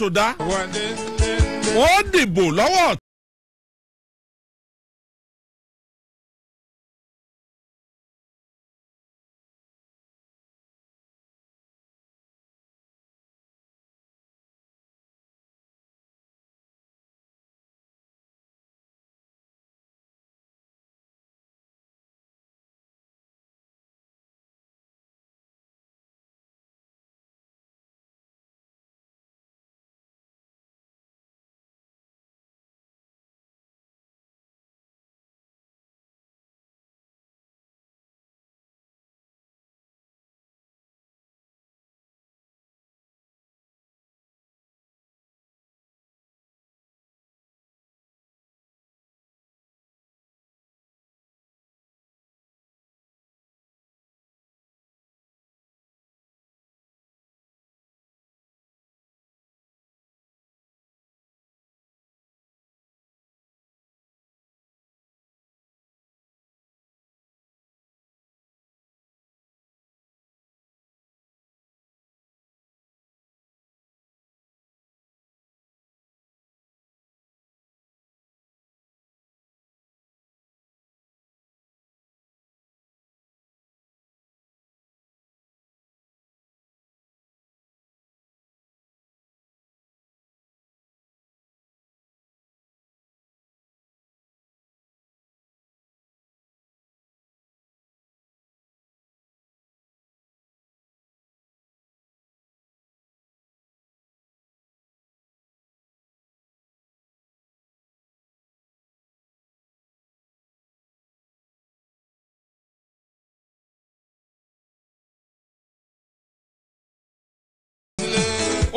sódà wọ́n dìbò lọ́wọ́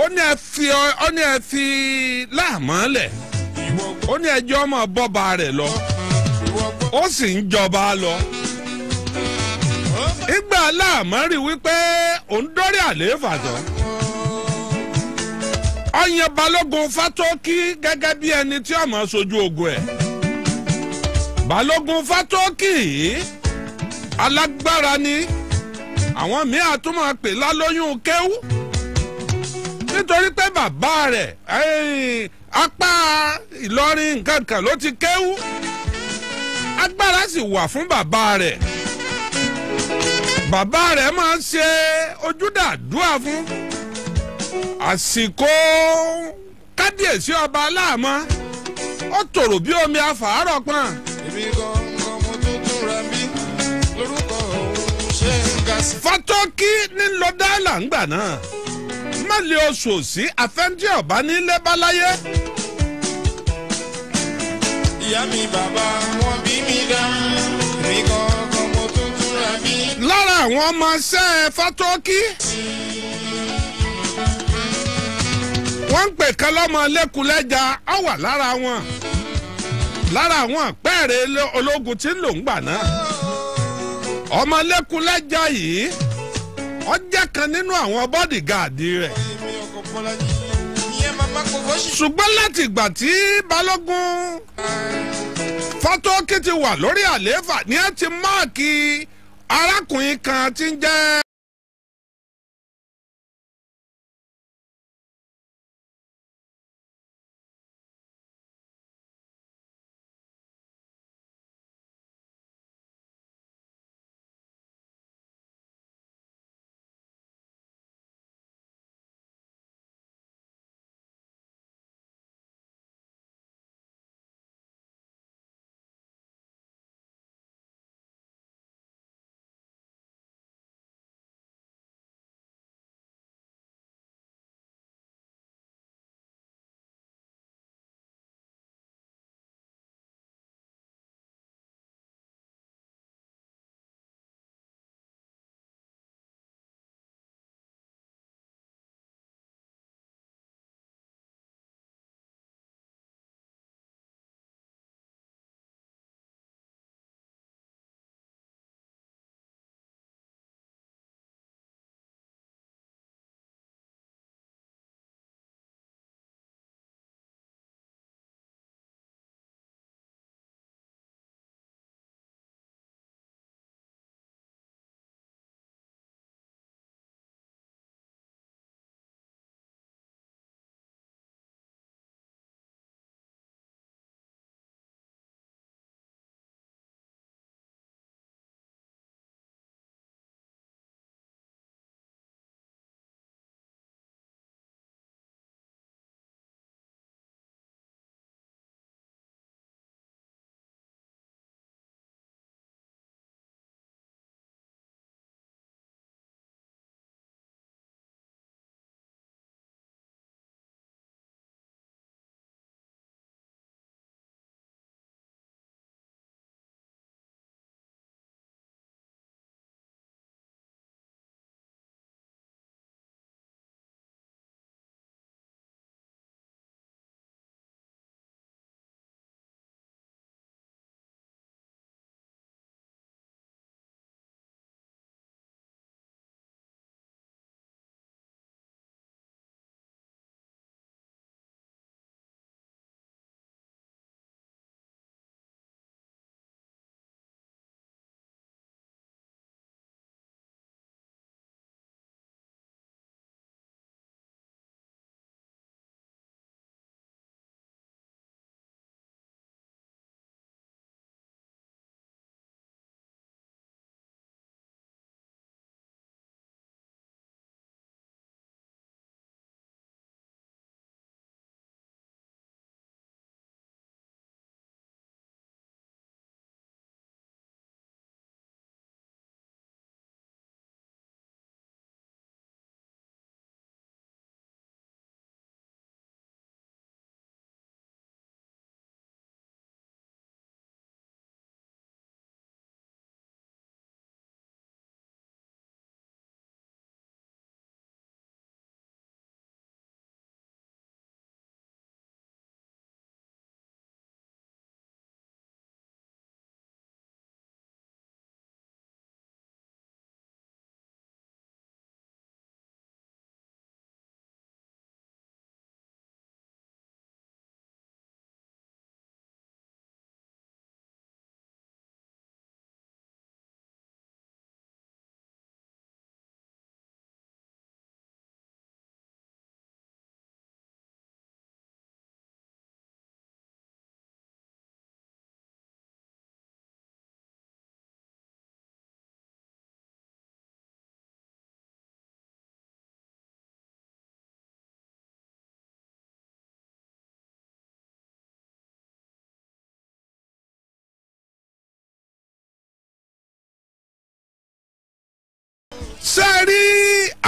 ó ní ẹ fi ó ní ẹ fi láàmọ́lẹ̀ ó ní ẹjọ́ ọmọ bọ́ba rẹ̀ lọ ó sì ń jọba lọ. ìgbà láàmọ́ rí wípé òun dórí àlééfà tán ọyàn balógun fátókì gẹ́gẹ́ bí ẹni tí ọmọ sojú ogun ẹ̀ balógun fátókì alágbára ni àwọn míì àtúmọ̀ pè lálóyún kéwú. nítorí pé bàbá rẹ̀ apá Ìlọrin nǹkan kan ló ti kéwú agbára sì wà fún bàbá rẹ̀ bàbá rẹ̀ máa ṣe ojúdàdúrà fún àsìkò kábíyèsí ọba aláàmọ́ ó tòrò bí omi afàárọ̀ pọ́n. èmi gangan mo tó tún ra bí lórúkọ òun ṣe ń ga sí. ní là ń gbà má lè oṣù sí afẹ́ntí ọ̀bá nílé báláyé. ìyá mi bàbá wọn bí mi dá mi kọ́ ọkọ mo tó kúra bí. lára àwọn ọmọ ṣẹ́ fatọ́kí. wọ́n ń pè kan lọ́mọ lẹ́kulẹ́ja ọ wà lára wọn lára àwọn àpẹẹrẹ ológun tí ń lò ń gbà náà ọmọ lẹ́kulẹ́ja yìí ó jẹ́ kan nínú àwọn bọ́dìgaàdì rẹ̀. ṣùgbọ́n láti ìgbà tí balógun fọ́tọ́kì ti wà lórí àlééfà ni ẹ ti máàkì arákùnrin kan tí ń jẹ́.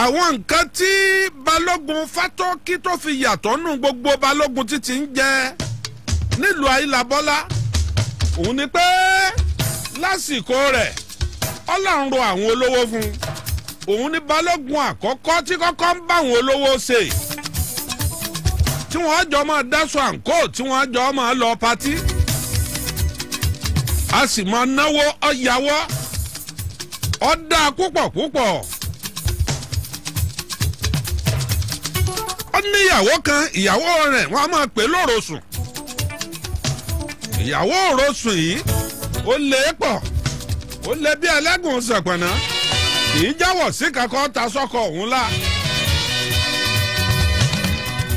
àwọn nǹkan tí balógun fatọ́kí tó fi yàtọ̀ nù gbogbo balógun títí ń jẹ nílùú ayélabọ́lá òun ni pé lásìkò rẹ̀ ọlọ́run ro àwọn olówó fún un òun ni balógun àkọ́kọ́ tí kọ́kọ́ ń bá àwọn olówó ṣe tí wọ́n jọ máa dáṣọ àǹkó tí wọ́n jọ máa lọ patí a sì máa náwó ọ̀yàwó ọ̀dà púpọ̀ púpọ̀. ó ní ìyàwó kan ìyàwó rẹ̀ wọ́n á máa pè lórosùn ìyàwó òrosùn yìí ó lé pọ̀ ó lé bí ẹlẹ́gùn ṣọ̀pọ̀nà kì í jáwọ̀ sí kankan ta sọ́kọ òun la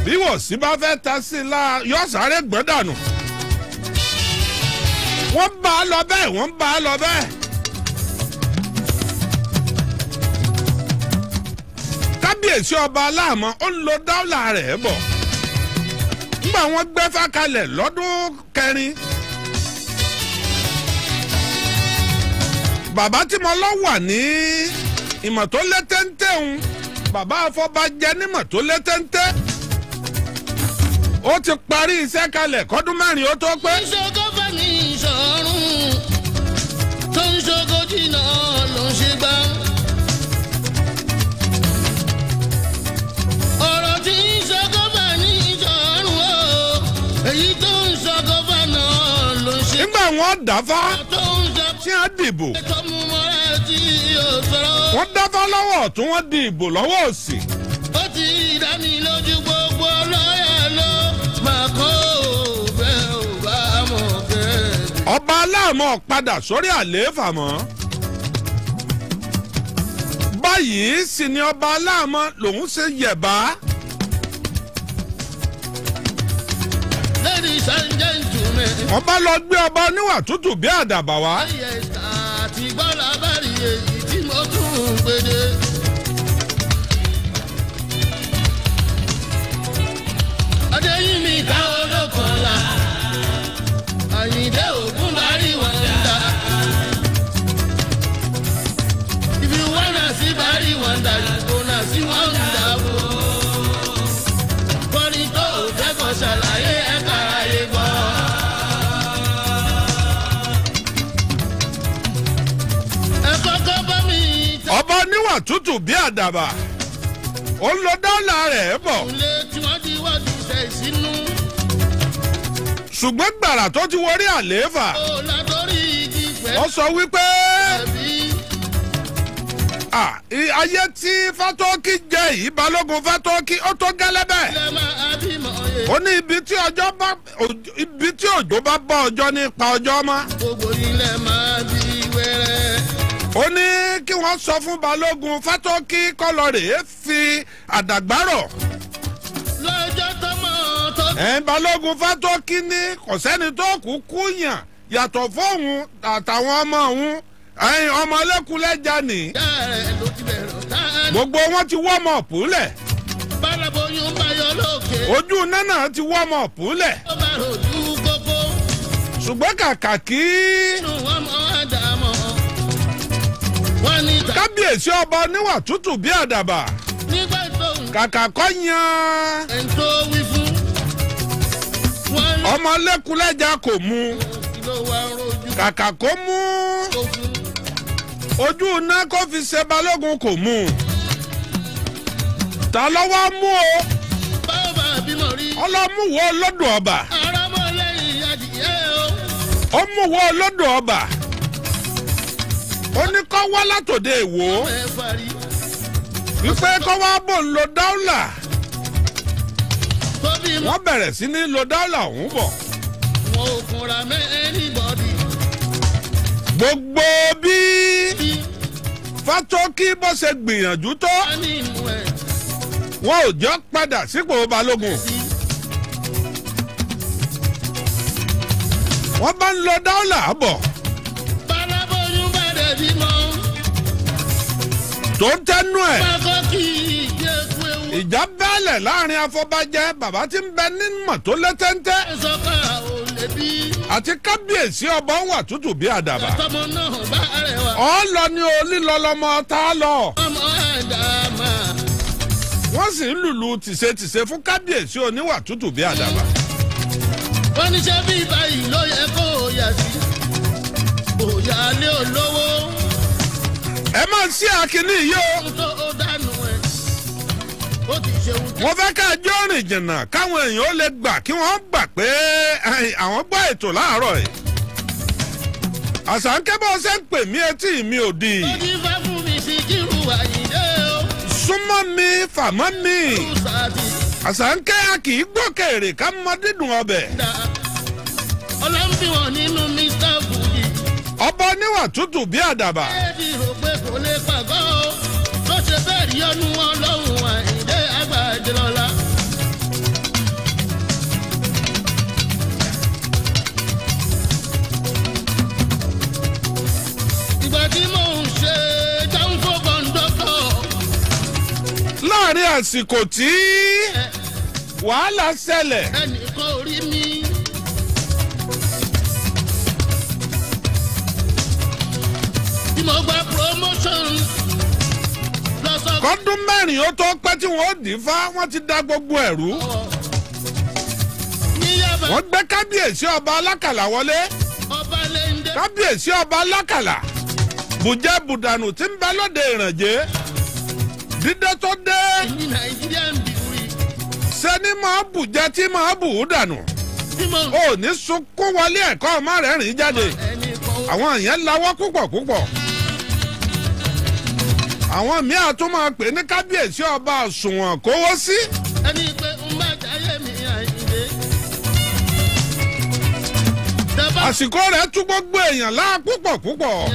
bí wọ́n sì bá fẹ́ ta sí i la yọ sáré gbọ́dànù wọ́n bá a lọ bẹ́ẹ̀ wọ́n bá a lọ bẹ́ẹ̀. kábíyèsí ọba aláàmọ́ ó ń lo dáúlà rẹ̀ bọ̀ nígbà wọ́n gbẹ́fà kalẹ̀ lọ́dún kẹrin bàbá tí lọ wà ní ìmọ̀ ń bàbá afọbajẹ nímọ̀ tó ó ti parí iṣẹ́ kalẹ̀ kọ́dún mẹ́rin ó tó pé. ìṣògo fẹ́mi ìṣòrùn tó ń ṣogo jìnnà. èyí tó ń sọ gọ́fànà ló ń ṣe. nígbà wọn dáfá tí wọn dìbò wọn dáfá lọ́wọ́ tí wọ́n di ìbò lọ́wọ́ ó ti dá lójú gbogbo lọ́yà ló máa kó bẹ́ ò mọ̀ kẹ́. ọba aláàmọ̀ padà sórí àlééfà mọ́ báyìí sì ni ọba aláàmọ̀ lòun ṣe yẹ̀bá. ọba lọ gbé ọba níwà tútù bí àdàbà wá. if you wanna see bá Wonder, you gonna see Wonder. níwà tútù bí àdàbà ó ń lọ dọ́là rẹ̀ bọ̀. ilé tí wọ́n ti wá ti sẹ̀ sínú. ṣùgbọ́n gbàrà tó ti wọrí àlééfà. ó látorí igi pẹ́. wọ́n sọ wípé. ayé tí fatọ́kì jẹ́ yìí balógun fatọ́kì ó tó gẹ́lẹ́bẹ̀. ó ní ibi tí òjò bá bọ́ ọjọ́ nípa ọjọ́ mọ́. gbogbo ilẹ̀ máa bí ó ní kí wọ́n sọ fún balógun fátọ́kì kọlọ́rẹ̀ fi àdàgbárọ̀. lọ́jọ́ tó mọ̀ tó. ẹ̀ balógun fátọ́kì ní kò sẹ́ni tó kú kú yàn yàtọ̀ fóun àtàwọn ọmọ òun ẹ̀yin ọmọ ẹlẹ́kùn gbogbo wọn ti wọ́ọ̀mù ọ̀pù lẹ̀. balaboyún ojú nánà ti wọ́ọ̀mù ọ̀pù lẹ̀. ṣùgbọ́n kàkà kí. inú wọn mọ àdàmú. kábíyèsí ọba oníwà tútù bí àdàbà kàkà kọ́ yan ọmọ kò mu kàkà kó mú ojú iná kó fi ṣe balógun kò mú ta ló mú o ọlọ́múwọ́ ọba ó múwọ́ ọba. ó ní kọ́ wá látòde èwo wípé kọ́ wá bò ń lo dáúlà wọ́n bẹ̀rẹ̀ sí ní lo dáúlà ọ̀hún bọ̀. gbogbo bí fátókì bó ṣe gbìyànjú tó wọn ò jọ padà sípò balógun. wọ́n bá ń lo dáúlà bọ̀ tó tẹnu ẹ̀ ìjà bẹ́ẹ̀lẹ̀ láàrin afọbajẹ bàbá tí ń bẹ ní mọ̀tò lẹ́tẹ́ńtẹ́ àti kábíyèsí ọba ń wà tútù bí àdàbà ọ lọ ní olílọ lọmọ tá a lọ wọ́n sì ń lùlù tìṣetìṣe fún kábíyèsí oníwà tútù bí àdàbà. wọ́n ní ṣe báyìí ló yẹ kó yà sí. bóyá ẹ máa ń ṣí àkíní yìí o wọ́n fẹ́ ká jọ rìn jìnnà káwọn èèyàn ó lè gbà kí wọ́n gbà pé àwọn gbọ́ ètò láàárọ̀ yìí. àṣàǹkẹ́bọ̀ ṣe ń pè mí etí mi ò súnmọ́ mi fàmọ́ mi. àṣàǹkẹ́ a kì í gbókèrè ká mọ dídùn ọbẹ̀. ọlọ́run fi wọ̀n ọbọ níwà tútù bí àdàbà. ẹbí rò kò lè pàgọ́ o tó ṣe bẹ́ẹ̀ rí ọdún ọlọ́run àìdè àgbàjọlọ́lá. ìgbà tí mò ń ṣe dáhùn fún kọ́ńdọ́tọ̀. láàrin àsìkò tí wàhálà ṣẹlẹ̀. ẹnì mo mẹ́rin ó tó pẹ́ tí wọ́n dì í fá wọ́n ti da gbogbo ẹ̀rú. wọ́n gbé kábíyèsí ọba alákàlà wọlé. kábíyèsí ọba alákàlà bùjẹ́ bùdànù tí ń bẹ lóde ìrànjẹ́ dídé tó dé sẹ́ni máa bù jẹ́ tí máa bù ú dànù ò ní sunkún wọlé ẹ̀kọ́ ọmọ rẹ̀ rìn jáde àwọn yẹn lawọ́ púpọ̀ púpọ̀. àwọn míì àtúmọ̀ pé ní kábíyèsí ọba àsùnwọ̀n kówó sí. ẹni pé ń bá jayé mi àìdè. àsìkò rẹ̀ tú gbogbo èèyàn láà púpọ̀ púpọ̀.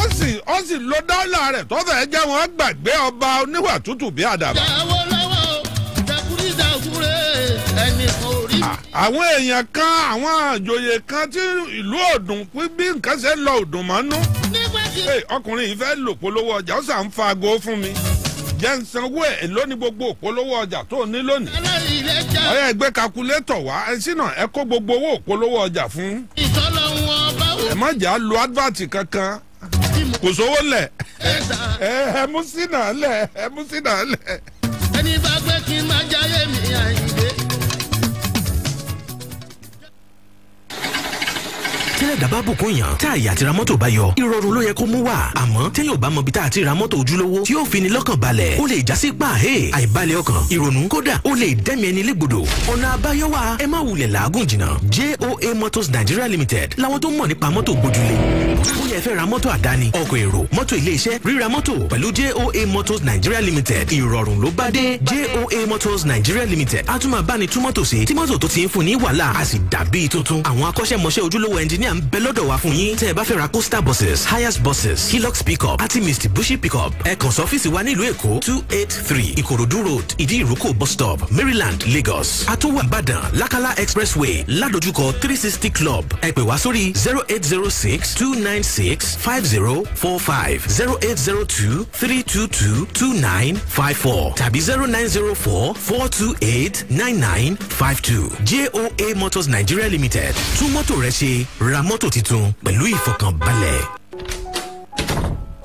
ó sì ó sì lo dọ́là rẹ̀ tó fẹ́ jẹ́ wọ́n gbàgbé ọba oníwà tútù bí àdàbà. ìyàwó lọ́wọ́ dàkúrí dàkúrẹ́ ẹnì kan ò rí. àwọn èèyàn kan àwọn àjòyè kan tí ìlú ọ̀dùn pín bí nǹkan ṣe lọ ọ̀dùn mọ́nú. ní ọkùnrin yìí fẹ́ lò polówó ọjà ó sàn fa fún mi jẹ́ ń sanwó ẹ̀ lónìí gbogbo ọjà tó ní lónìí. ọ̀yá ẹgbẹ́ kakulétọ̀ wá ẹsìn ẹ kó gbogbo owó òpolówó ọjà fún. ẹ má advert kankan kò sówó lẹ ẹ mú sínà ẹ mú sínà ẹni bá tẹ́lẹ̀ dábàá bùkún yàn tá àyè àti ra mọ́tò bá yọ ìrọ̀rùn ló yẹ kó mú wá àmọ́ téèyàn bá mọ ibi tá a ti ra mọ́tò ojúlówó tí yóò fi ni lọ́kàn balẹ̀ ó lè jásí pàhé àìbalẹ̀ ọkàn ìrònú kódà ó lè dẹ́mi ẹni légbodò ọ̀nà àbáyọ wa ẹ má wulẹ̀ làágùn jìnnà JOA Motors Nigeria Limited làwọn tó mọ̀ nípa mọ́tò gbójúlé ó yẹ fẹ́ ra mọ́tò àdáni ọkọ̀ èrò mọ́tò ilé ríra mọ́tò pẹ̀lú JOA Motors Nigeria Limited ìrọ̀rùn ló bá dé JOA Motors Nigeria Limited a tún máa bá ni tú mọ́tò sí tí mọ́tò tó ti ń fún ní wàhálà a sì dàbí tuntun àwọn akọ́ṣẹ́mọṣẹ́ ojúlówó ẹnjìníà ń bẹ lọ́dọ̀ wa fún yín tẹ́ ẹ bá fẹ́ ra coaster buses hires buses hilux pickup àti mitsubishi pickup ẹ kàn sí ọ́fíìsì wa nílùú èkó two eight three ìkòròdú road ìdí ìrókò bus stop maryland lagos àtúwà ìbàdàn lakala expressway ládojúkọ three sixty club ẹ pè wá sórí zero eight zero six two nine. 096 5045 0802 322 2954 tàbí 0904 428 9952 JOA Motors Nigeria Limited tún mọ́tò rẹ ṣe ra mọ́tò tuntun pẹ̀lú ìfọkànbalẹ̀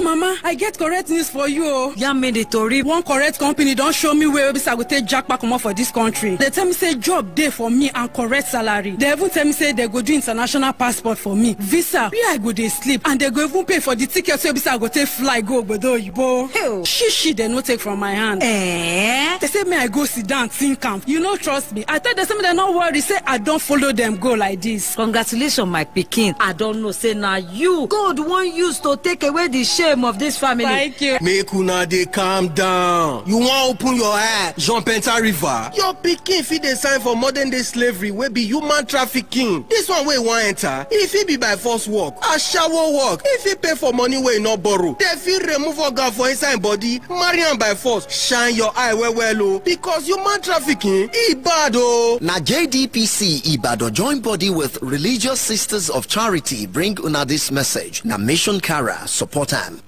mama i get correct news for you o. yarn me the tori one correct company don show me way wey i go take japa comot for dis country. dey tell me say job dey for me and correct salary. dey even tell me say dey go do international passport for me visa where i go dey sleep and dey go even pay for the ticket wey be i go take fly go ogbodo oyibo. shishi dey no take from my hand. Eh? dey say may i go sit down think am you no trust me i tell dey say make dem no worry say i don follow dem go like this. congratulations my pikin i don know say na you god wan use to take away the shame name of this family. Thank you. Make una dey calm down. You wan open your eye. Jean Penta River. Your pikin fit dey sign for modern day slavery wey be human trafficking. This one wey wan enter, e fit be by force work, ashawo work, e fit pay for money wey e no borrow. Dem fit remove organ for inside body, marry am by force. Shine your eye well well o, because human trafficking e bad o. Na JDPC Ibadan join body with Religious Sisters of Charity bring una this message. Na Mission Kara support am.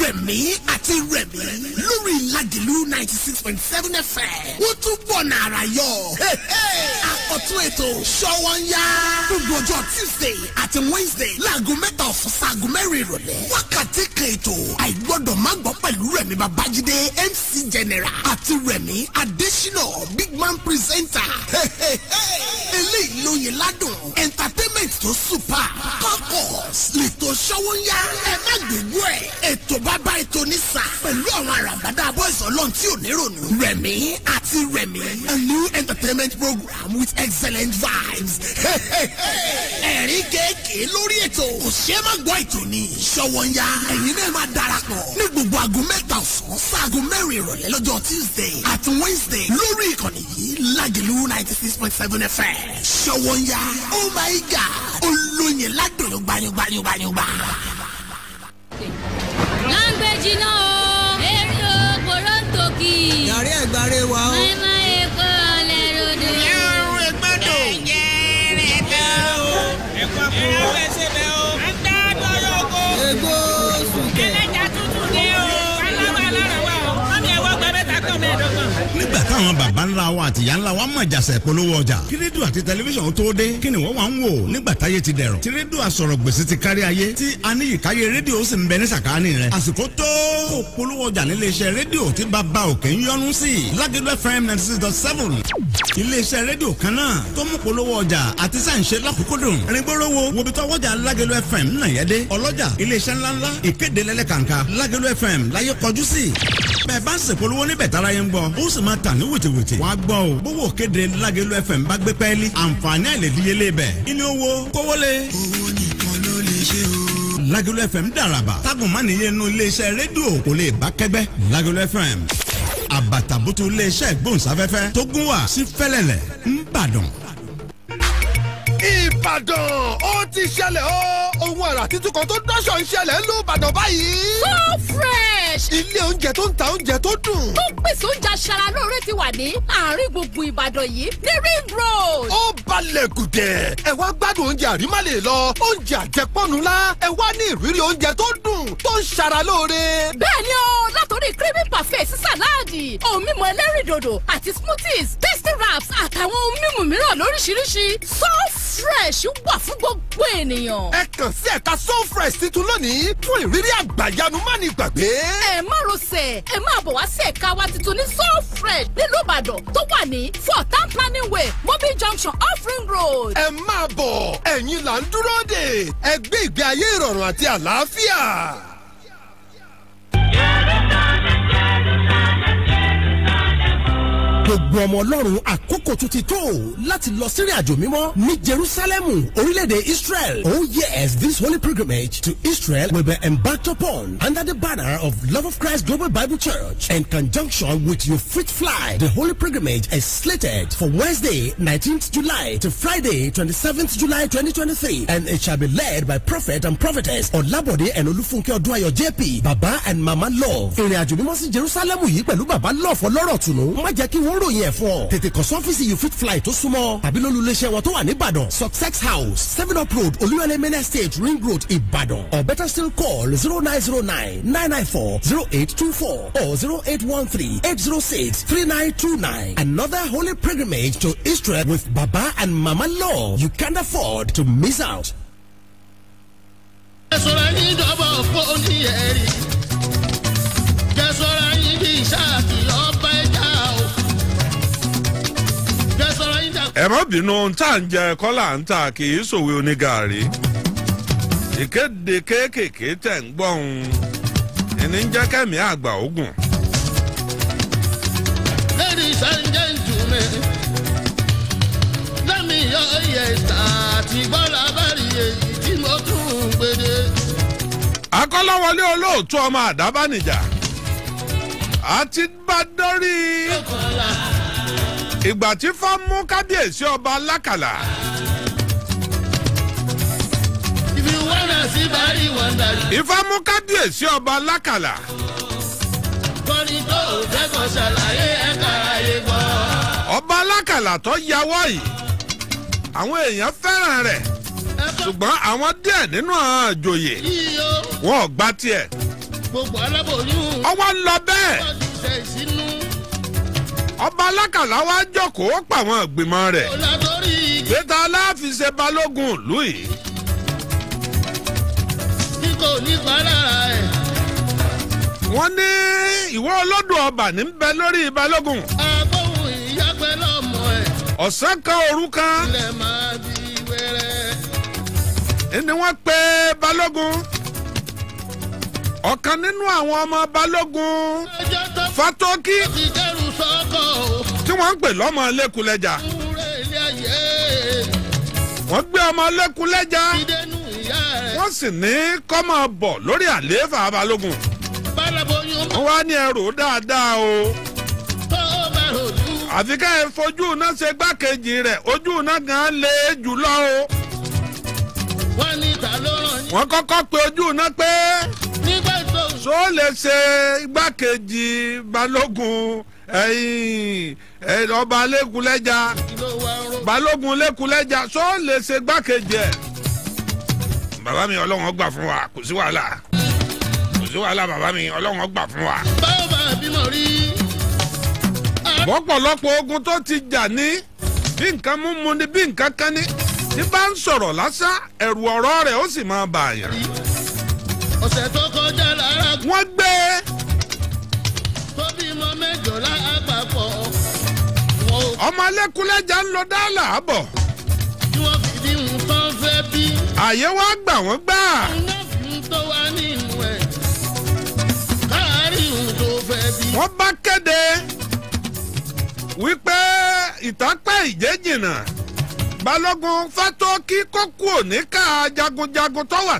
Rẹ̀mí àti Rẹ̀mí. aládìlú ninety six point seven fm ó tún bọ̀ nàrà yọ àkọ́tún ètò ṣọ́wọ́nyá gbogbo ọjọ́ tuesday àti wednesday láago mẹ́ta ọ̀sán sáago mẹ́rin ìrọ̀lẹ́ wákàtí kan ètò àìgbọ́dọ̀ má gbọ́ pẹ̀lú rẹ̀mí babájídé mc general àti rẹ̀mí adésínà big man presenter eléyìí ló yẹ ládùn entertainment tó super kọ́kọ́s lètò ṣọ́wọ́nyá ẹ má gbégbó ẹ̀ ètò bàbá ètò ní sà pẹ̀lú àwọn àràbàdà bó voice ọlọ́run tí ò ní ronú. rẹ̀mí àti rẹ̀mí. a new entertainment program with excellent vibes. ẹ̀rín kéèké lórí ètò òṣèré má gbọ́ ètò ni. ṣọwọ́nyá ẹ̀yin náà máa darapọ̀ ní gbogbo aago mẹ́ta ọ̀sán sáago mẹ́rin ìrọ̀lẹ́ lọ́jọ́ tuesday àti wednesday lórí ìkànnì yìí lágẹ̀lú ninety six point seven fm. ṣọwọ́nyá oh my god olóyin ládùn ló gbayogbayogbayogbà. láǹgbẹ̀jì náà o òkì. yàrá ẹ̀gbáre wa o. mọ́ẹ́mọ́ èkó ọ̀lẹ̀ ròdò. ìyá ọ̀run ẹ̀gbọ́dọ̀. ẹ̀jẹ̀ rẹ̀ tán. ẹ̀kọ́ àpò. ẹ̀rọ ẹ̀sẹ̀ bẹ́ẹ̀. táwọn bàbá ńlá wa àti ìyá ńlá wa mọ̀ jàsẹ̀ polówó ọjà. kí àti tẹlifíṣàn tó dé kí ni wọ́n wá ń wò nígbà táyé ti dẹ̀rọ̀. tí rédíò àsọ̀rọ̀ gbèsè ti kárí ayé tí aníyìkáyé rédíò sì ń bẹ ní sàkáání rẹ̀. àsìkò tó kò polówó ọjà nílé iṣẹ́ rédíò tí bàbá òkè ń yọnu sí i Lágẹ̀dẹ̀ FM ninety six dot seven. ilé iṣẹ́ rédíò kan náà tó mú polówó ọjà àti sáǹṣe lọ́kùnkúndùn. rìngbòròwò wobi tọwọ́jà FM náà yẹ dé ọlọ́jà ilé iṣẹ́ ńláńlá ìkéde FM láyé kọjú sí. bẹ́ẹ̀ bá ń ṣèpolówó níbẹ̀ tára wìtìwìtì wàá gbọ́ o bówó kéde Lágelú FM bá gbé pẹ́ẹ́lí àǹfààní àìlèdíyelé bẹ̀ inú owó kówólé. owó nìkan ló lè ṣe o. Lágelú FM dàràbà tágùn má nìyẹn nu iléeṣẹ́ rédíò kò lè bá kẹ́gbẹ́ Lágelú FM àbàtàbùtù iléeṣẹ́ ìgbóhùnsáfẹ́fẹ́ tó gún wà sí fẹ́lẹ́lẹ̀ ńbàdàn ìbàdàn ó ti ṣẹlẹ̀ ó ohun àrà tuntun kan tó dọ́ṣọ̀ ń ṣẹlẹ̀ ló báyìí. so fresh. ilé oúnjẹ tó ń ta oúnjẹ tó dùn. tó pèsè oúnjẹ aṣara lóore ti wà ní àárín gbùngbùn ìbàdàn yìí ní ring road. ó balẹ̀ gùdẹ̀ ẹ wá gbádùn oúnjẹ àrímá lè lọ oúnjẹ àjẹpọ́nu la ẹ wá ní ìrírí oúnjẹ tó dùn tó ń ṣara lóore. bẹ́ẹ̀ni o látòrí creamy parfait sí sàláàdì ohun mímu ẹlẹ́rìndòdò àti smoothies tasty wraps àtàwọn ohun mímu mìíràn lóríṣiríṣi so fresh fresh wà fún gbogbo ènìyàn. ẹ kàn sí ẹ̀ka so fresh titun lónìí fún ìrírí àgbàyanu má ní gbàgbé. ẹ má rọsẹ̀ ẹ máa bọ̀ wá sí ẹ̀ka wa titun ní so fresh nílùú ìbàdàn tó wà ní four town planning way mobil junction offering road. ẹ máa bọ̀ ẹ̀yin là ń dúró dè ẹ gbé ìgbé ayé ìrọ̀rùn àti àlàáfíà. Yeah, yeah, yeah gbogbo ọmọ ọlọ́run àkókò tún ti tó láti lọ sírìn àjò mímọ́ ní jerusalem orílẹ̀-èdè israel oh yes this holy pilgrimage to israel will be embarked upon under the banner of love of christ global bible church in conjunction with your fruit fly the holy pilgrimage is slated for wednesday 19th july to friday 27th july 2023 and it shall be led by prophet and prophetess olabode and olufunke oduayo jp baba and mama love ìrìn àjò mímọ́ sí jerusalem yìí pẹ̀lú baba love ọlọ́rọ̀ tùnú má jẹ́ kí wọ́n ń ròyìn ẹ̀ tètè kàn sí you fit fly tó súnmọ́ tàbí lólùléṣẹ́ wọn tó wà nìbàdàn success house seven up road olúyọlé main estate ring road ìbàdàn or better still call zero nine zero nine nine nine four zero eight two four or zero eight one three eight zero six three nine two nine another holy pilgrimage to Israel with Baba and Mama Law you can't afford to miss out. jẹ́sọ̀rọ̀ yín dọ́bọ̀ fún oníyẹ̀rì jẹ́sọ̀rọ̀ yín bí sáà. ẹ má bínú tá à ń jẹ kọ́là ń tà kì í sòwe onígàárí ìkéde kéékèèké tẹ̀ ogun. ladies and gentlemen lẹ́mi yọ yẹ̀ta àti bọ́lá tí mo tún olóòtú ọmọ àdábánijà àti bá dórí. ìgbà tí fá mú kábíyèsí ọba alákàlà. Ifá mú kábíyèsí ọba alákàlà. kọ́ni tó ò fẹ́kọ̀ọ́ ṣàlàyé ẹ̀ka ayé gbọ́. ọba alákàlà tó yawọ́ yìí àwọn èèyàn fẹ́ràn rẹ̀ ṣùgbọ́n àwọn díẹ̀ nínú àjòyè wọn ò gbà tiẹ̀. gbogbo aláboyún. ọwọ́ ń lọ bẹ́ẹ̀ ọba alákàlà wa jókòó pàwọn ìgbìmọ̀ rẹ̀ gbẹta aláàfin ṣe balógun ìlú yìí. bí kò ní pàrọ̀ ẹ̀. wọ́n ní ìwọ olódò ọba ní bẹ lórí balógun. agbóhùn ìyá pẹ̀lú ọmọ ẹ̀. ọ̀sán kan òru ilẹ̀ máa di wẹ́rẹ́. ni wọ́n pe balógun ọ̀kan nínú àwọn ọmọ balógun fatoki. ọjọ́ sọ́kọ̀ o. tí wọ́n ń pè lọ́mọ lẹ́kùlẹ́jà. wọ́n gbé ọmọ lẹ́kùlẹ́jà. wọ́n sì ní kọ́mọ bọ̀ lórí àlééfà balógun. wọ́n wá ní ẹrù dáadáa o. àfi ká ẹ fojú iná ṣe gbákejì rẹ̀ ojú iná gan lé jùlọ o. wọ́n kọ́kọ́ pe ojú iná pé. sọ lè ṣe igbákejì balógun ẹ̀yin ọba lẹ́kùn lẹ́jà balógun lẹ́kùn lẹ́jà sọ lè ṣe gbákejì ẹ̀. bàbá mi ọlọ́run gbà fún wa kò sí wàhálà kò sí wàhálà bàbá mi ọlọ́run gbà fún wa. báwo bá a bímọ rí. bọ́pọ̀lọpọ̀ ogun tó ti jà ní bí nǹkan múmu ni bí nǹkan kan ní tí bá ń sọ̀rọ̀ lásán ẹ̀rù ọ̀rọ̀ rẹ̀ ó sì máa bàyàn. ọ̀sẹ̀ tó kọjá lára. wọ́n gbé ọmọ alẹ́kúnlẹ́jà ń lọ dáàlà àbọ̀. tí wọ́n fi bí mu tán fẹ́ bí. àyè wá gbà wọ́n gbà. iná fi ń tó wá ní ẹ̀ káàárín òun fẹ́ bí. wọ́n bá kéde wípé ìtàpẹ́ ìjẹ́jìnà balógun fátọ́kì kókó òníkà jagunjagun tó wà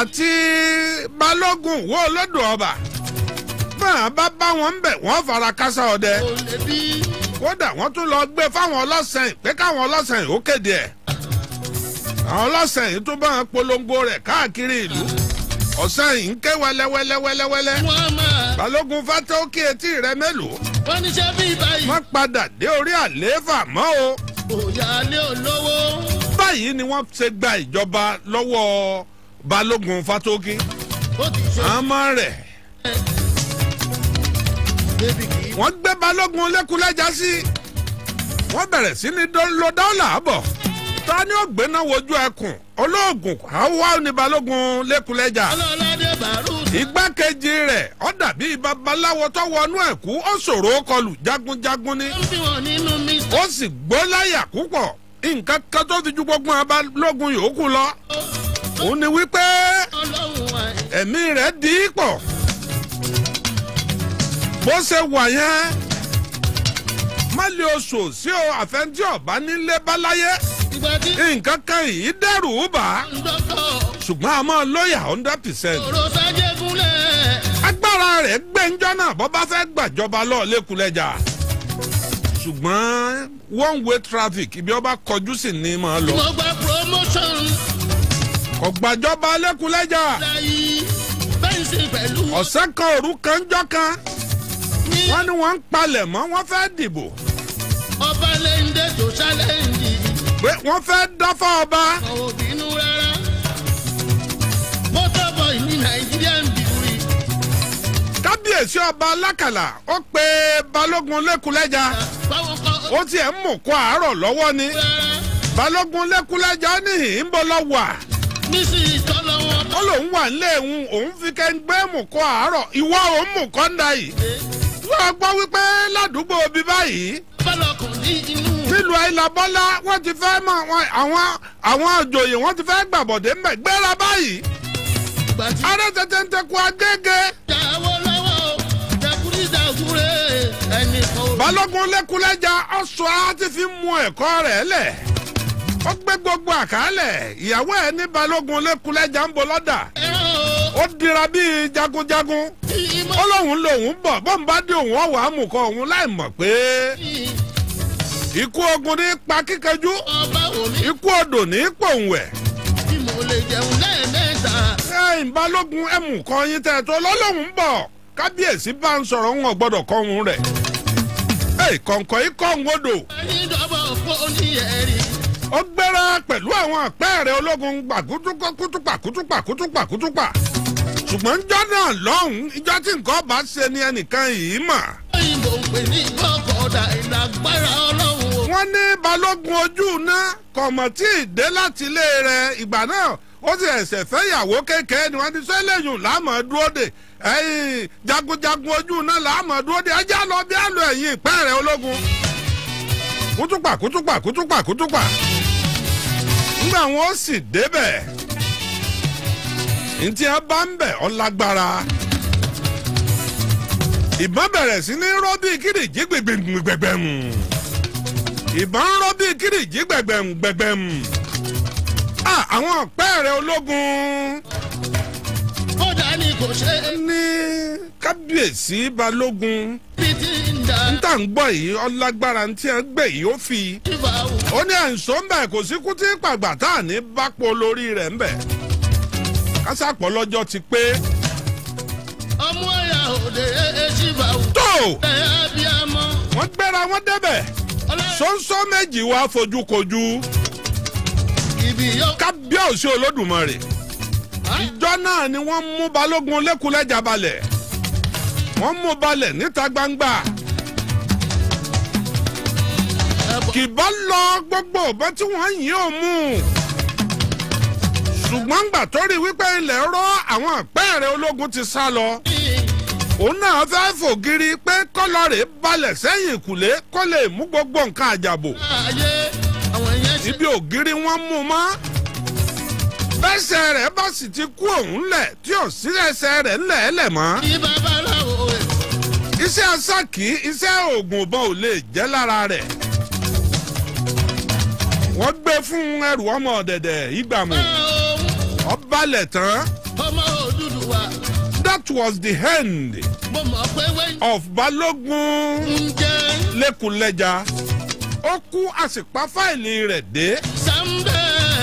àti balógun wo olódò ọba bá bá bá wọn ń bẹ̀ wọ́n fara kásá ọdẹ. kódà wọ́n tún lọ gbé fáwọn ọlọ́sẹ̀yìn pé káwọn ọlọ́sẹ̀yìn ó kéde ẹ̀. àwọn ọlọ́sẹ̀yìn tún bá wọn polongo rẹ̀ káàkiri ìlú. ọ̀sẹ̀yìn ń ké wẹ́lẹ́wẹ́lẹ́wẹ́lẹ́wẹ́lẹ́. balógun fátókì etí rẹ mélòó. wọ́n padà dé orí àlééfà mọ́ o. báyìí ni wọ́n ṣe gba ìjọba lọ́wọ́ balógun fátókì. ó ti wọ́n gbé balógun lẹ́kùnlẹ́jà sí i wọ́n bẹ̀rẹ̀ sí ní lọ dọ́là bọ̀ ta ni ó gbéná wojú ẹkùn olóògùn àwa ni balógun lẹ́kùnlẹ́jà igbákejì rẹ̀ ó dàbí babaláwo tó wọnú ẹ̀kú ó ṣòro kọlù jagunjagun ni ó sì gbóláyà púpọ̀ nǹkan kan tó fi ju gbogbo abalógun yòókù lọ òun ni wípé ẹ̀mí rẹ̀ dì í pọ̀. bó ṣe wà yẹn má lè oṣù sí o àfẹ́ntí ọ̀bá nílé bá nǹkan kan yìí dẹ́rù ú bá ṣùgbọ́n a máa lóyà hundred percent. agbára rẹ̀ gbẹ́njọ́ náà bọ́ bá fẹ́ gbàjọba lọ́ọ̀lẹ́kulẹ̀jà ṣùgbọ́n one way traffic ibi ọba kọjú sí ni màá lọ. mo gba promotion. ọ̀gbàjọba lẹ́kulẹ̀jà ọ̀sẹ̀ kan òru kan jọ́ kan. ní. wọ́n ní wọ́n ń palẹ̀ mọ́ wọ́n fẹ́ dìbò. ọba lẹ́yìndé tó ṣàlẹ́yìndì. pé wọ́n fẹ́ dáfọ́ ọba. ọ̀wọ̀ bínú rárá. mọ́tò bọ̀ì nàìjíríà ń bìrì. kábíyèsí ọba alákàlà ó pe balógun lẹ́kùlẹ́jà ó tiẹ̀ ń mú kó àárọ̀ lọ́wọ́ ni balógun lẹ́kùlẹ́jà níhìn ń bọ́ lọ wà. nísìnyí tọ́lọ́ wọn. ó lòun wà nílé òun òun fi kẹ́ńgbẹ́ mú kọ́ àárọ̀ ìwọ òun mú kọ́ ń da yìí wá gbọ́ wípé ládùúgbò bí báyìí nílùú ayélabọ́lá wọ́n ti fẹ́ mọ àwọn àwọn àjòyè wọ́n ti fẹ́ gbàbọ̀dé ńbẹ̀ gbéra báyìí ará tètè ń tẹkù agége. balógun lẹ́kulẹ́jà ọ̀ṣọ́ á ti fi mú ẹ̀kọ́ rẹ̀ lẹ̀ ó gbé gbogbo àkàlẹ̀ ìyàwó ẹ̀ ní balógun lẹ́kulẹ́jà ń bọ̀ lọ́dà. ó dira bíi jagunjagun ó lóun lòun bọ̀ bóun bá dé òun ọ̀wọ́ àmùkọ òun láì mọ̀ pé ikú ogun ní pa kíkanjú ikú odò ní pòǹwẹ̀. lè jẹun lẹ́ẹ̀mẹ́ta. ẹ ìbálògùn yín bọ̀ kábíyèsí bá ń sọ̀rọ̀ gbọ́dọ̀ rẹ̀. ẹ kọ̀ǹkọ̀ yìí odò. ṣùgbọ́n ńjọ́ náà lọ́hùn-ún ìjọ tí nǹkan bá ṣe ni ẹnìkan yìí mà. wọ́n ní balógun ojú náà kọ̀mọ̀ tí ì dé láti ilé rẹ̀ ìgbà náà ó sì ẹ̀sẹ̀ fẹ́ ìyàwó kékeré ni wọ́n ti sọ eléyìí láàmú dúró ẹ̀yìn jagunjagun ojú náà láàmú dúró ẹjẹ́ lọ bí àlọ ẹ̀yìn ìpẹ́ rẹ̀ ológun. kútùpà kútùpà kútùpà kútùpà ńgbà wọn ó sì débẹ̀ ntí a bá ń bẹ̀ ọ́ lágbára. ìbọn bẹ̀rẹ̀ sí ní rọ́ bí kìrìjì gbẹgbẹ̀mù. ìbọn ń rọ́ bí kìrìjì gbẹgbẹ̀mù gbẹgbẹ̀mù. àwọn ọ̀pẹ́ rẹ̀ ológun. kódà ni kò ṣe. ní kábíyèsí balógun n tà ń gbọ́ yìí ọlágbára tí a ń gbé yìí ó fi ó ní à ń sọ ń bẹ̀ kò sí kú tí pàgbà tá à ní bá po lórí rẹ̀ ń bẹ̀ kásàpọ̀ lọ́jọ́ ti pé. ọmọ ẹ̀yà òde èsì bá wù. tó wọ́n gbéra wọ́n débẹ̀ sọ́nsọ́ méjì wá fojúkojú. kábíyèsí olódùmarè ìjọ náà ni wọ́n mú balógun lẹ́kùlẹ́jà balẹ̀ wọ́n mú balẹ̀ níta gbangba. kì bá lọ gbogbo bá tí wọ́n yìn ó mú un ṣùgbọ́n gbà tó rí wípé ilẹ̀ rọ àwọn àpẹẹrẹ ológun ti sá lọ òun náà fẹ́ fògiri pé kọ́lọ́rẹ̀ balẹ̀ sẹ́yìn ìkùlé kó lè mú gbogbo nǹkan àjàbò ibi ògiri wọn mú mọ́ bẹ́sẹ̀ rẹ̀ bá sì ti kú òun lẹ̀ tí ò sí ẹsẹ̀ rẹ̀ ńlẹ̀ ẹlẹ̀ mọ́ iṣẹ́ sákì iṣẹ́ oògùn ọ̀bọ̀n ò lè jẹ́ lára rẹ̀ wọ́n gbé fún ẹrù ọmọ ọ̀dẹ̀dẹ̀ ìgbàmù ọbalẹ̀ tán. ọmọ Odùduwà. that was the end. mo mọ̀ pé wẹ́n. of Balogun. ǹjẹ́. lẹ́kùnlẹ́jà ó kú àsìpá fáìlì rẹ̀ dé. sàmbẹ́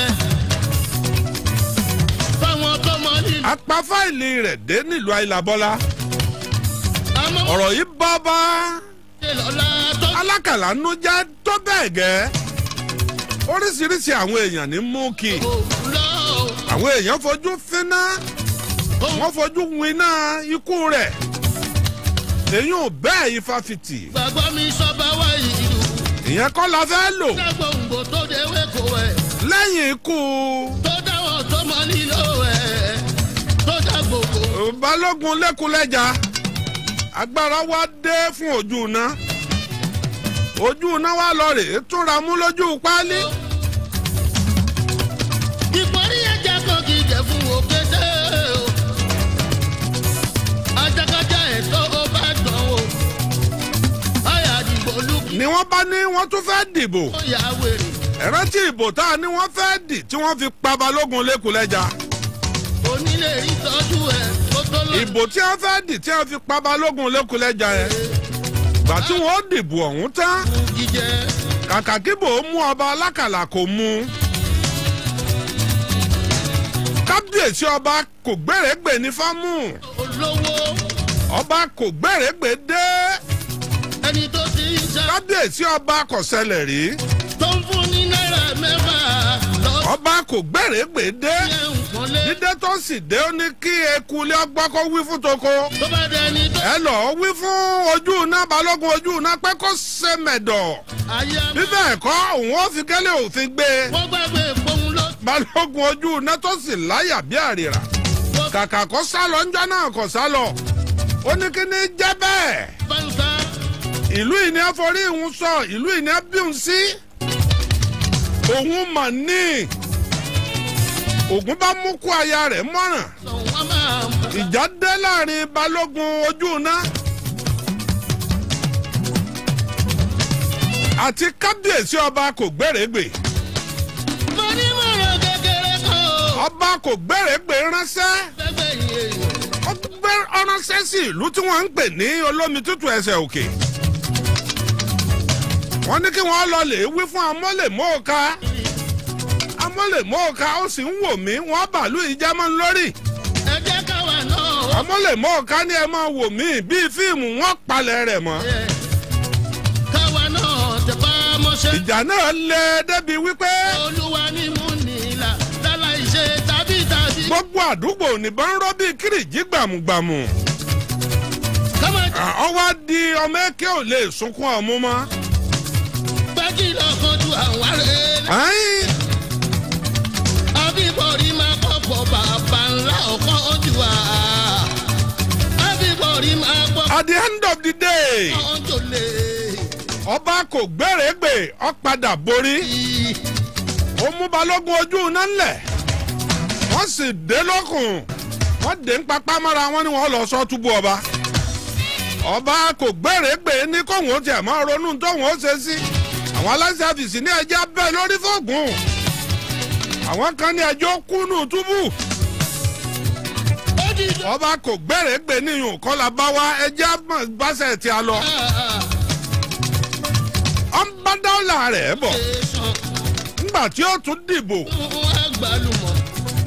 fáwọn tọmọ nílùú. apá fáìlì rẹ̀ dé nílùú àìlàbọ́lá. ọ̀rọ̀ yìí bá bá. alákàlà ń já tó bẹ́ẹ̀ gẹ́. oríṣiríṣi àwọn èèyàn ní mú kí. òwúrọ̀ àwọn èèyàn fojú fínná wọ́n fojú winá ikú rẹ̀ èyí ò bẹ́ẹ̀ ifáfitì. bàbá mi sọ bá wá ìlú. ìyẹn kọ́ la fẹ́ lò. lágbóǹgbò tó dé wéko ẹ̀. lẹ́yìn ikú. tó dáwọ́ tó mọ nílò ẹ̀ tó dàgbòkò. balógun lẹ́kùnlẹ́jà agbára wa dé fún ojú iná ojú iná wa lọ rèé túnra mú lójú páálí. Oh. bá ní wọ́n tún fẹ́ dìbò ìrántí ìbò tá a ní wọ́n fẹ́ dì tí wọ́n fi pa balógun lẹ́kùn lẹ́jà. onílé ìtọ́jú ẹ̀ tó tó lọ. ìbò tí wọ́n fẹ́ dì tí wọ́n fi pa balógun lẹ́kùn lẹ́jà yẹn. gbà tí wọ́n dìbò ọ̀hún tán. kàkà kíbò mú ọba alákàlà kò mú. kábíyèsí ọba kò gbèrègbè ní fámù. olówó. ọba kò gbèrègbè dé. ẹni tó ti kábíyèsí ọba kò ṣẹlẹ̀ rí. tó ń fún ní náírà mẹ́fà lọ. ọba kò gbèrègbè dé. dídé tó sì dé ó ní kí ekulé ọgbọ́n kó wí fún toko. ẹ lọ wí fún ojú iná balógun ojú iná pé kó ṣe mẹ̀dọ̀. bíbẹ̀ ẹ̀kọ́ òun ó fi kẹ́lẹ́ òfin gbé. balógun ojú iná tó sì láyà bí àrìrà. kàkà kó sálọ ńjọ́ náà kó sálọ. ó ní kí ni jẹ́ bẹ́ẹ̀ ìlú ìní àforí ìhun sọ ìlú ìní àbíhun sí òun mà ní ògún bá mú kú aya rẹ̀ mọ́ràn ìjà dé láàrin balógun ojú náà. àti kábíyèsí ọba kò gbèrègbè. mo ní mọ̀rọ̀ kékeré kan. ọba kò gbèrègbè ránṣẹ́. ó ránṣẹ́ sí ìlú tí wọ́n ń pè ní olómi tútù ẹsẹ̀ òkè. Okay wọ́n ní kí wọ́n lọ lè wí fún amọ́lẹ̀mọ́ọ̀ká amọ́lẹ̀mọ́ọ̀ká ó sì ń wò mí wọ́n bàálù ìjámọ́ lórí. ẹ ni ẹ máa wò mí bíi fíìmù wọ́n palẹ̀ rẹ̀ mọ́. ìjà náà lé débi wípé. gbogbo àdúgbò nìbọn ń rọ́ bíi kírìjì gbàmùgbàmù. ọwọ́ di ọmọ ẹ̀kẹ́ ò lè sunkún ọmú mọ́. At the end of the day. Ọba kò gbèrègbè ó borí. balógun ojú iná ńlẹ̀. Wọ́n sì dé Wọ́n dé ọba ọba kò gbèrègbè ní kóhùn ó tiẹ̀ ronú tóhùn Si àwọn aláṣẹ́fìsì ní ẹjẹ́ bẹ́ẹ̀ lórí fọ́ọ̀gùn àwọn kan ní ẹjọ́ kúnnù túbú ọba kò gbèrègbè níyùn kọ́lá bá wá ẹjẹ́ gbàṣẹ tí a lọ ọ̀nbádáwọ̀là rẹ̀ bọ̀ nígbà tí ó tún dìbò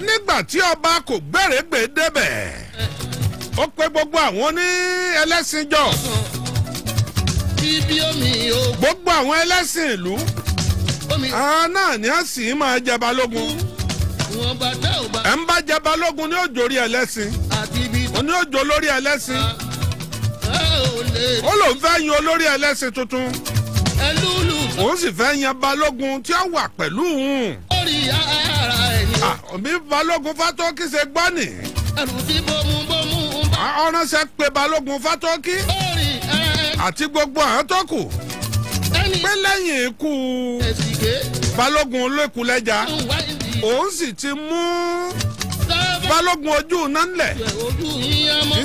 nígbà tí ọba kò gbèrègbè débẹ̀ ó pé gbogbo àwọn ní ẹlẹ́sìnjọ́. ibi omi gbogbo àwọn ẹlẹ́sìn ìlú àwọn náà ni a sì máa jẹ balógun ẹ̀ ń bá jẹ balógun ní òjòrí ẹlẹ́sìn òní òjò lórí ẹlẹ́sìn ó lòun fẹ́ yan olórí ẹlẹ́sìn tuntun òun sì fẹ́ yan balógun tí ó wà pẹ̀lú òun mi balógun fatọ́kì ṣe gbọ́ nì. ọ̀ránṣẹ́ pé balógun fatọ́kì àti gbogbo àwọn tó kù. pé iku ikú balógun olókùlẹ́jà òun sì ti mú balógun ojú nánlẹ̀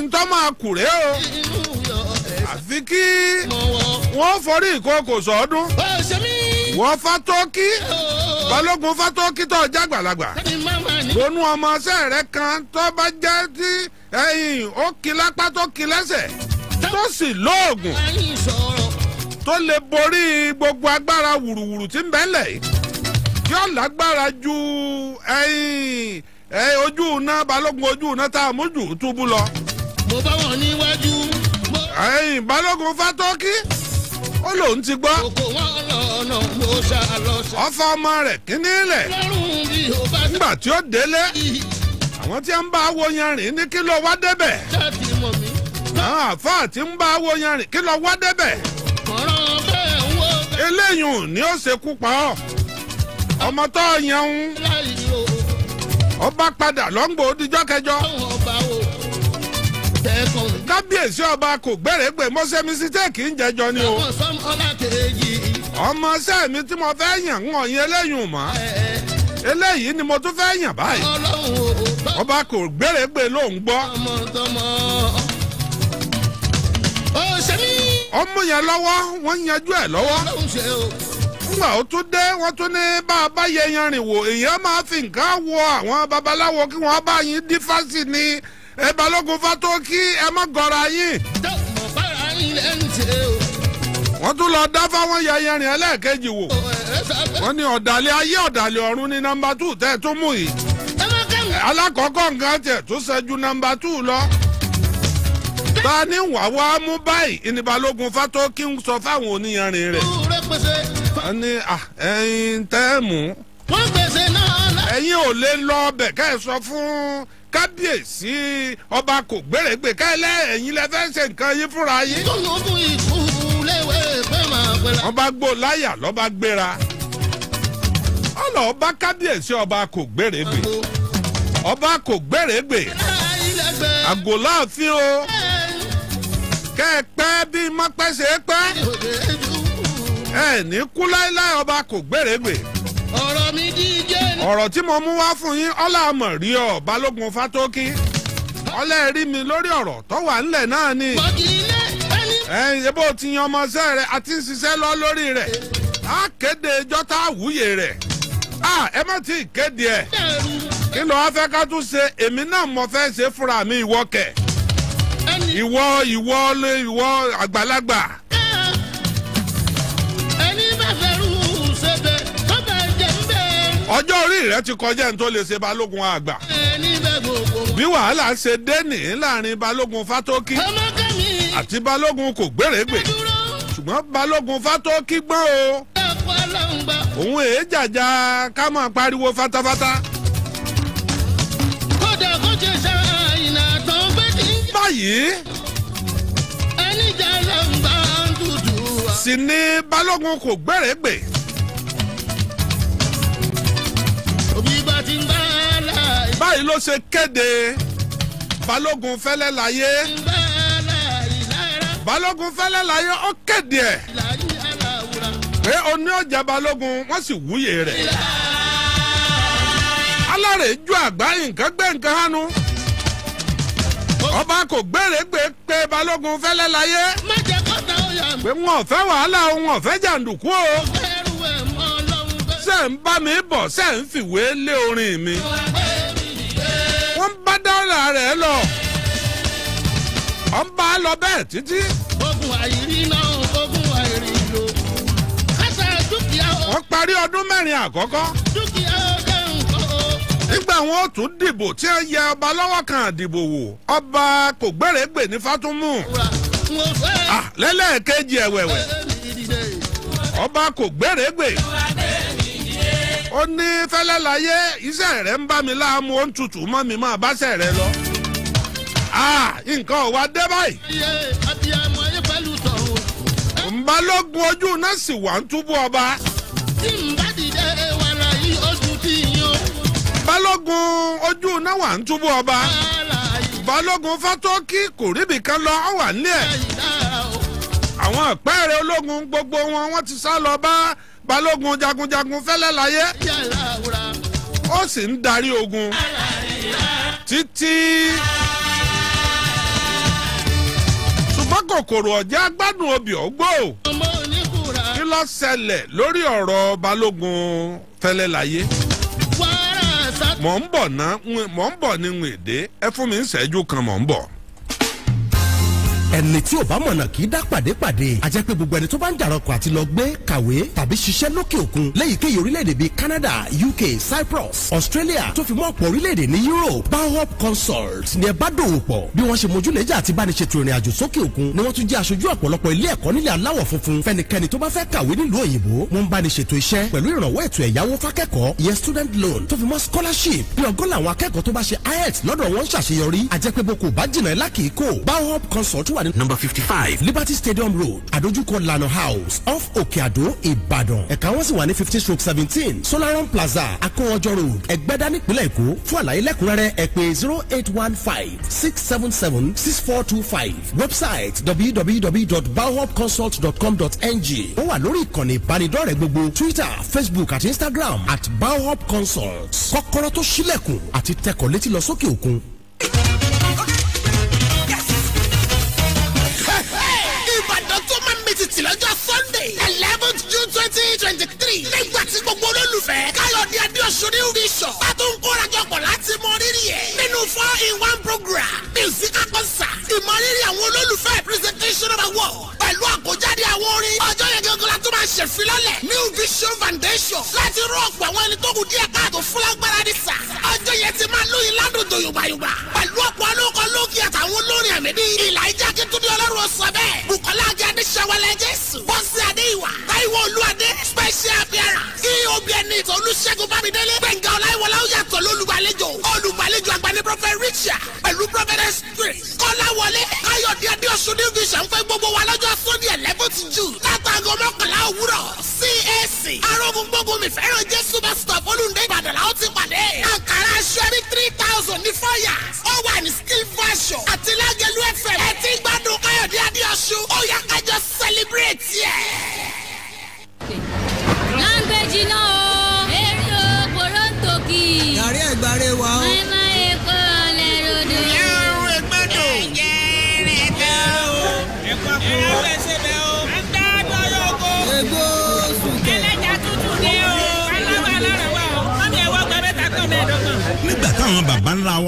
ntọ́ máa o àfi kí wọ́n forí ìkókò sọ́ọ́dún wọ́n fatọ́kí balógun fatọ́kí tó jágbàlagbà kan tó bá jẹ́ tí ẹ̀yìn ó kí lápá tó kí lẹ́sẹ̀ tó tó lè borí gbogbo agbára wùrùwùrù tí ń bẹ́lẹ̀ tí ó lágbára ju ẹyin ojú iná balógun ojú iná tá a mójú túbú lọ. mo bá wọn níwájú. ẹyin balógun fatọ́kí ó lòun ti gbọ́. kòkó wọn lọ ọ̀nà mo ṣá lọ ṣá. ọfọ ọmọ rẹ̀ kíní lẹ̀. nígbà tí ó délé àwọn tí ń bá wo yanrìn ní kí ló wá débẹ̀. ti mọ̀ mí. àwọn àfáà tí ń bá wo yanrìn kí ló wá débẹ̀. eléyìí ni ó ṣekú pa ọ́ ọmọ tó yan ń ọba padà lọ́ngbò òdìjọ́ kẹjọ kábíyèsí ọba kò gbèrègbè mọ́sẹ́mi sí téèkì ń jẹjọ ni o ọmọ sẹ́mi tí mo fẹ́ yàn ń ọ̀yin eléyìí mọ́ eléyìí ni mo tún fẹ́ yàn báyìí ọba kò gbèrègbè ló gbọ́. ọmú yẹn lọ́wọ́ wọ́n yanjú ẹ̀ lọ́wọ́ nígbà ó tún dé wọ́n tún ní bá a bá yẹ yanrìn wò èèyàn máa fi nǹkan wọ àwọn babaláwo kí wọ́n bá yín dífásì ní ẹ balógun fató kí ẹ má gọra yín. wọ́n tún lọ dá fáwọn yayanrin ẹlẹ́ẹ̀kejì wò wọ́n ní ọ̀dàlẹ̀ ayé ọ̀dàlẹ̀ ọ̀run ní nọ́mbà tù tẹ́ ẹ tún mú yìí alákọ̀ọ́kọ́ nǹkan tẹ̀ tó ṣẹ́jú nọ́mbà tù lọ ta ni wà mú báyìí ní balógun fatókí ń sọ fáwọn oníyanrìn rẹ̀. a ní ẹyin tẹ́ mú. ò lè lọ ọbẹ̀ ká ẹ sọ fún kábíyèsí ọba kò gbèrègbè ká ẹ lẹ́ lẹ fẹ́ ṣe nǹkan yín fúnra yín. wọ́n gbó láyà lọ́ba gbéra. ọlọ́ọ̀ bá kábíyèsí ọba kò gbèrègbè ọba kò gbèrègbè àgòláàfin o. Hey. kẹ́ ẹ bí mọ́pẹ́ ṣe é pẹ́ ẹ ní kú láíláí ọba kò gbèrègbè. ọ̀rọ̀ tí mo mú wá fún yín ọla mọ rí ọ balógun fátókì ọlẹ́ rí mi lórí ọ̀rọ̀ tó wà náà ni. ti yan ọmọọṣẹ́ rẹ àti ń lọ lórí rẹ̀ á kéde ti kéde ẹ̀ kí ló wá ṣe èmi náà mo fẹ́ ṣe mi ìwọ́kẹ̀. ìwọ ìwọ lé ìwọ àgbàlagbà. ẹni bá fẹ́ rú ṣèbè tó bá jẹ ń bẹ́ẹ̀. ọjọ́ orí rẹ ti kọjá ní tó lè ṣe balógun àgbà. ẹni bá gbogbo wọn. bí wàhálà ṣe dé ní láàrin balógun fátókì àti balógun kò gbèrègbè ṣùgbọ́n balógun fátókì gbọ́n o. òun èé ká máa pariwo fatafata. Fata. báyìí. ẹnìjà ló ń bá dúdú wa. sì ni balógun kò gbẹ̀rẹ̀gbè. òbí bá ti ń bá láàyè. báyìí ló ṣe kéde balógun fẹ́lẹ́ láyé. balógun fẹ́lẹ́ láyé ó kéde ẹ̀. pé oní ọjà balógun wọ́n sì wúyè rẹ̀. alárèéjú àgbá nǹkan gbé nǹkan hánu. ọba kò gbèrègbè pé balógun fẹ́lẹ́ láyé pé wọn wàhálà òun ọ̀fẹ́ jàndùkú jàǹdùkú o ṣe bá mi bọ̀ ń fìwé lé orin mi wọ́n bá dọ́là rẹ̀ lọ ọ̀ bá lọ bẹ́ẹ̀ títí. ogun ọdún mẹ́rin àkọ́kọ́. àwọn ó tún dìbò tí wọ́n yẹ ọba lọ́wọ́ kan àdìbò wò ọba kò gbèrègbè ní Fátúmù ah, lẹ́lẹ́ẹ̀kejì ẹ̀wẹ̀wẹ̀ ọba kò gbèrègbè ó ní fẹ́lẹ́ láyé iṣẹ́ rẹ̀ ń bá mi láàmú ó ń tutù mọ́ mi máa báṣẹ́ rẹ̀ lọ ah, nǹkan ò dé báyìí ń bá lógun ojú náà sì wà ń túbú ọba. balógun ojú náà wà ń túbú ọba balógun fatọ́kì kò ríbi kan lọ ọ wà nílẹ̀ àwọn ìpẹ́ẹ̀rẹ̀ ológun gbogbo wọn wọ́n ti sá lọ bá balógun jagunjagun fẹ́lẹ́ láyé ó sì ń darí ogun títí ṣùgbọ́n kòkòrò ọ̀já gbádùn obì ọ̀gbọ́ kí ló ṣẹlẹ̀ lórí ọ̀rọ̀ balógun fẹ́lẹ́ láyé mọ̀ ń bọ̀ ná mọ̀ ń bọ̀ ni ń èdè ẹ fún mi ń ṣẹ́jú kan mọ̀ ń bọ̀ ẹni tí ò bá mọ̀nà kì í dá pàdépàdé àjẹ́ pé gbogbo ẹni tó bá ń jàrọ̀kọ̀ àti lọ gbé kàwé tàbí ṣiṣẹ́ lókè òkun léyìíkéyìí orílẹ̀-èdè bíi Canada UK Cyprus Australia tó fi mọ́ ọ̀pọ̀ orílẹ̀-èdè ní Europe Bauhop Consult ni ẹ bá dòwò pọ̀ bí wọ́n ṣe mojúlẹ́jà àti bániṣètò ìrìn àjò sókè òkun ni wọ́n tún jẹ́ aṣojú ọ̀pọ̀lọpọ̀ ilé ẹ̀kọ́ nílẹ̀ aláwọ̀ funfun fẹnikẹ́ni tó bá fẹ́ kàwé nílùú òyìnbó wọ́n ń bániṣètò iṣẹ́ pẹ̀lú ìrànwọ́ ètò ẹ̀yáwó fákẹ́kọ̀ọ́ student loan tó scholarship bí ọgọ́n làwọn akẹ́kọ̀ọ́ tó bá ṣe IELTS lọ́dọ̀ wọn ń ṣàṣeyọrí àjẹpẹ́ boko bá jìnnà ẹ̀ Consult wà ní number fifty five liberty stadium road àdójúkọ lana house off Okeado Ibadan. ìbàdàn ẹ̀ka wọn sì wà ní fifteen stroke seventeen solaron plaza akọ́wọ́jọ road ẹgbẹ́dá nípínlẹ̀ èkó fún àlàyé lẹ́kùnrẹ́rẹ́ ẹ pè zero eight one five six seven seven six four two five website www.bowhopconsult.com.ng ó wà lórí ìkànnì ìbánidọ́rẹ̀ẹ́ gbogbo twitter facebook àti instagram at bowhopconsult kọ́kọ́rọ́ tó ṣílẹ̀kùn àti tẹkọ̀ létí lọ sókè òkun. gbogbo olólùfẹ́ káyọ̀dé adéoṣù ní vision. a tún kórajọpọ̀ láti mọ rírì ẹ̀ nínú four in one program music akọ́sí fi ìmọrírì àwọn olólùfẹ́ presentation of award pẹ̀lú àkójáde àwọn orin ọjọ́ yẹn gangan la tó máa ṣèfilọ́lẹ̀ new vision foundation láti rọ ọ̀pọ̀ àwọn ẹni tó kù díẹ̀ káàtó fún lágbára ní sà ọjọ́ yẹn ti máa lóyin ládòdò yorùbá-yorùbá pẹ̀lú ọ̀pọ̀ olóko lókè àtàwọn olórin ẹ̀mí bíi ìlà ìjà kíntúndé ọlọ́run sọ bẹ́ẹ̀ bukola ajé adéṣẹ́wọlẹ̀ jésù bọ́sì adéìwà táíwò olúwadé special appearance kí e obì ẹni ìtọ́ olùṣègùn bámidélé gbẹ̀ngà ọláìwọlá ó yàtọ̀ lólùgbàlejò olùgbàlejò àgbàní prophet richard pẹ̀lú prophet spirit kọ́láw wọlé káyọ̀dé adéoṣù ní vision fẹ́ gbogbo wa lọ́jọ́ sunday eleventh june látàgọ́ mọ́kànlá òwúrọ̀ cac arógun gbógun mi fẹ́ràn jésù bá stop olùdé ìbàdàn làwọn ti pàdé àǹkárá aṣọ ẹni three thousand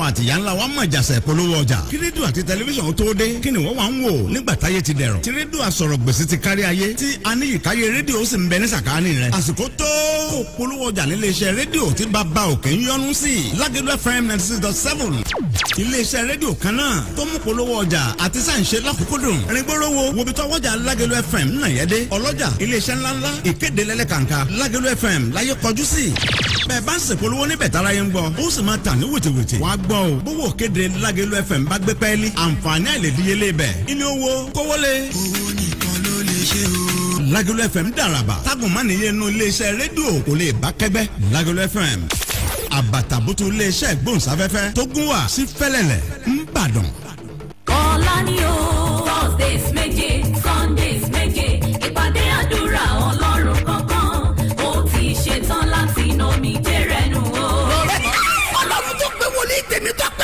àti ìyá ńlá wa mọ̀ jàsẹ̀ polówó ọjà kí rédíò àti tẹlifíṣàn tó dé kí ni wọ́n wá ń wò nígbà táyé ti dẹ̀rọ̀ tí rédíò àsọ̀rọ̀ gbèsè ti kárí ayé tí aníyìkáyé rédíò sì ń bẹ ní sàkáání rẹ̀ àsìkò tó polówó ọjà nílé iṣẹ́ rédíò tí bàbá òkè ń yọnu sí lágẹ̀dẹ̀ fm ninety six dot seven iléeṣẹ́ rédíò kan náà tó mú polówó ọjà àti sáǹṣe lọ́kùnkúndùn rìngbòròwò wobi tọwọ́jà lágẹ̀dẹ̀ fm náà yẹ dé ọlọ́jà iléeṣẹ́ ńláńlá ìkéde fm láyé kọjú sí bẹ́ẹ̀ bá ń ṣèpolówó níbẹ̀ tára yẹn ń gbọ́ ó sì mọ́ o bówó kéde lágẹ̀lú fm bá gbé pẹ́ẹ́lí àǹfààní àìlèdíyelé bẹ̀ ilé owó kówólé. owó nìkan ló lè ṣe o lagolo fm dàràbà tágùn má nìyẹn nu iléeṣẹ́ rédíò kò lè bá kẹ́gbẹ́ lagolo fm àbàtàbùtù iléeṣẹ́ gbòǹsáfẹ́fẹ́ tó gún wá sí fẹ́lẹ́lẹ̀ ńbàdàn. ọ̀la ni o thursdays méje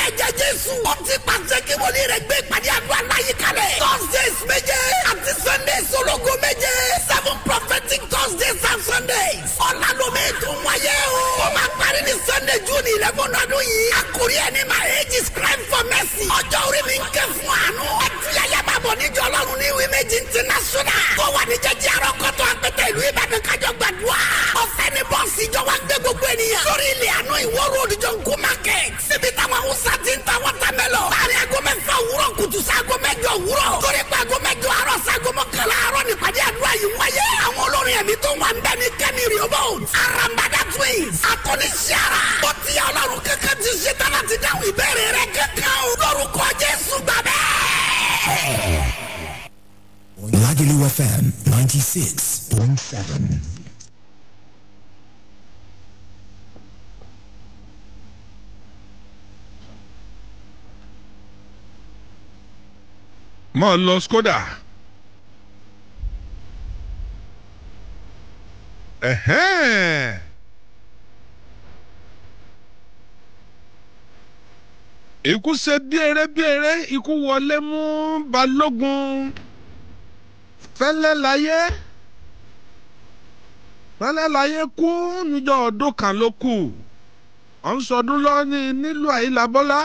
ẹ̀jẹ̀ jésù. ó ti pàṣẹ kí wòlíì rẹ̀ gbé ìpàdé àdúrà láyé kalẹ̀. thursdays méje àti sundays ológo méje seven prophetic thursdays and sundays. ọ̀làlómi tún wáyé o. ó máa parí ní sunday june eleven ọdún yìí. àkórí ẹni my age is crying for mercy. ọjọ́ orí mi ń ké fún àánú. ẹ káàbọ̀ níjọ ọlọ́run ní ìwé méjì international. tó wà ní jẹjẹ arọ kọtọ àpẹtẹ ìlú ìbàdàn kájọ gbàdúrà. ọ̀fẹ́ ni bọ́ọ̀sì ìjọ gbé gbogbo ènìyàn. lórí ilẹ̀ àná ìwọ ròdì jọ nkó market. síbi táwọn haúsá ti ń ta wọ́tàmẹ́lọ̀. láàrin aago mẹ́fà òwúrọ̀ kùtù sáago mẹ́jọ òwúrọ̀. torí pé aago mẹ́jọ àárọ̀ sáago mọ́kànlá àárọ̀ nípàdé àdúrà yìí wáyé. àwọn olórin 96.7. mọ lọ skoda ẹhẹn ikú ṣe bíẹrẹbíẹrẹ ikú wọlé mú balógun fẹlẹ láyé lálẹ́ láyé kú níjọ́ ọdún kan ló kù ọ̀ ń sọdún lọ́ní nílùú àyílábọ́lá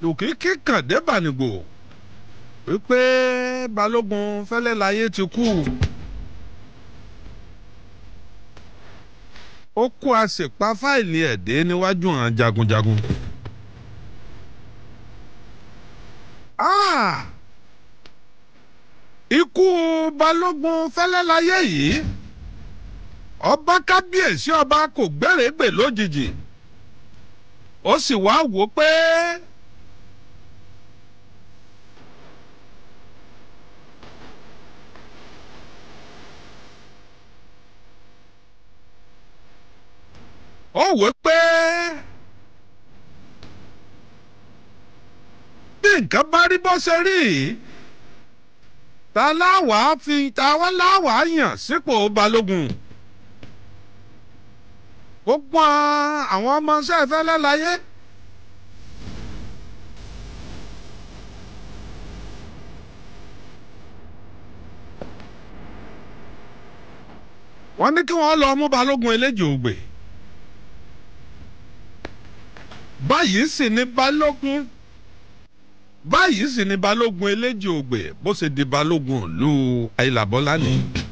lòkìkí kàn débànìgbò wípé balógun fẹ́lẹ́ láyé ti kú. ó kó a sì pa fáìlì ẹ̀ dé níwájú àwọn jagunjagun. Ah! ikú balógun fẹ́lẹ́ láyé yìí ọba kábíyèsí ọba kò gbèrègbè lójijì ó sì wá wò ó pé ó wò ó pé bí nǹkan bá rí bó ṣe rí ta láwàá fi ta wá láwàá yàn sípò balógun. Si gbogbo àwọn ọmọ iṣẹ́ fẹ́lẹ́ láyé. wọ́n ní kí wọ́n lọ mú balógun eléjì ògbè báyìí sì ni balógun báyìí sì ni balógun eléjì ògbè bó ṣe di balógun ìlú àyìnlá Bọ́lá ni. Mm.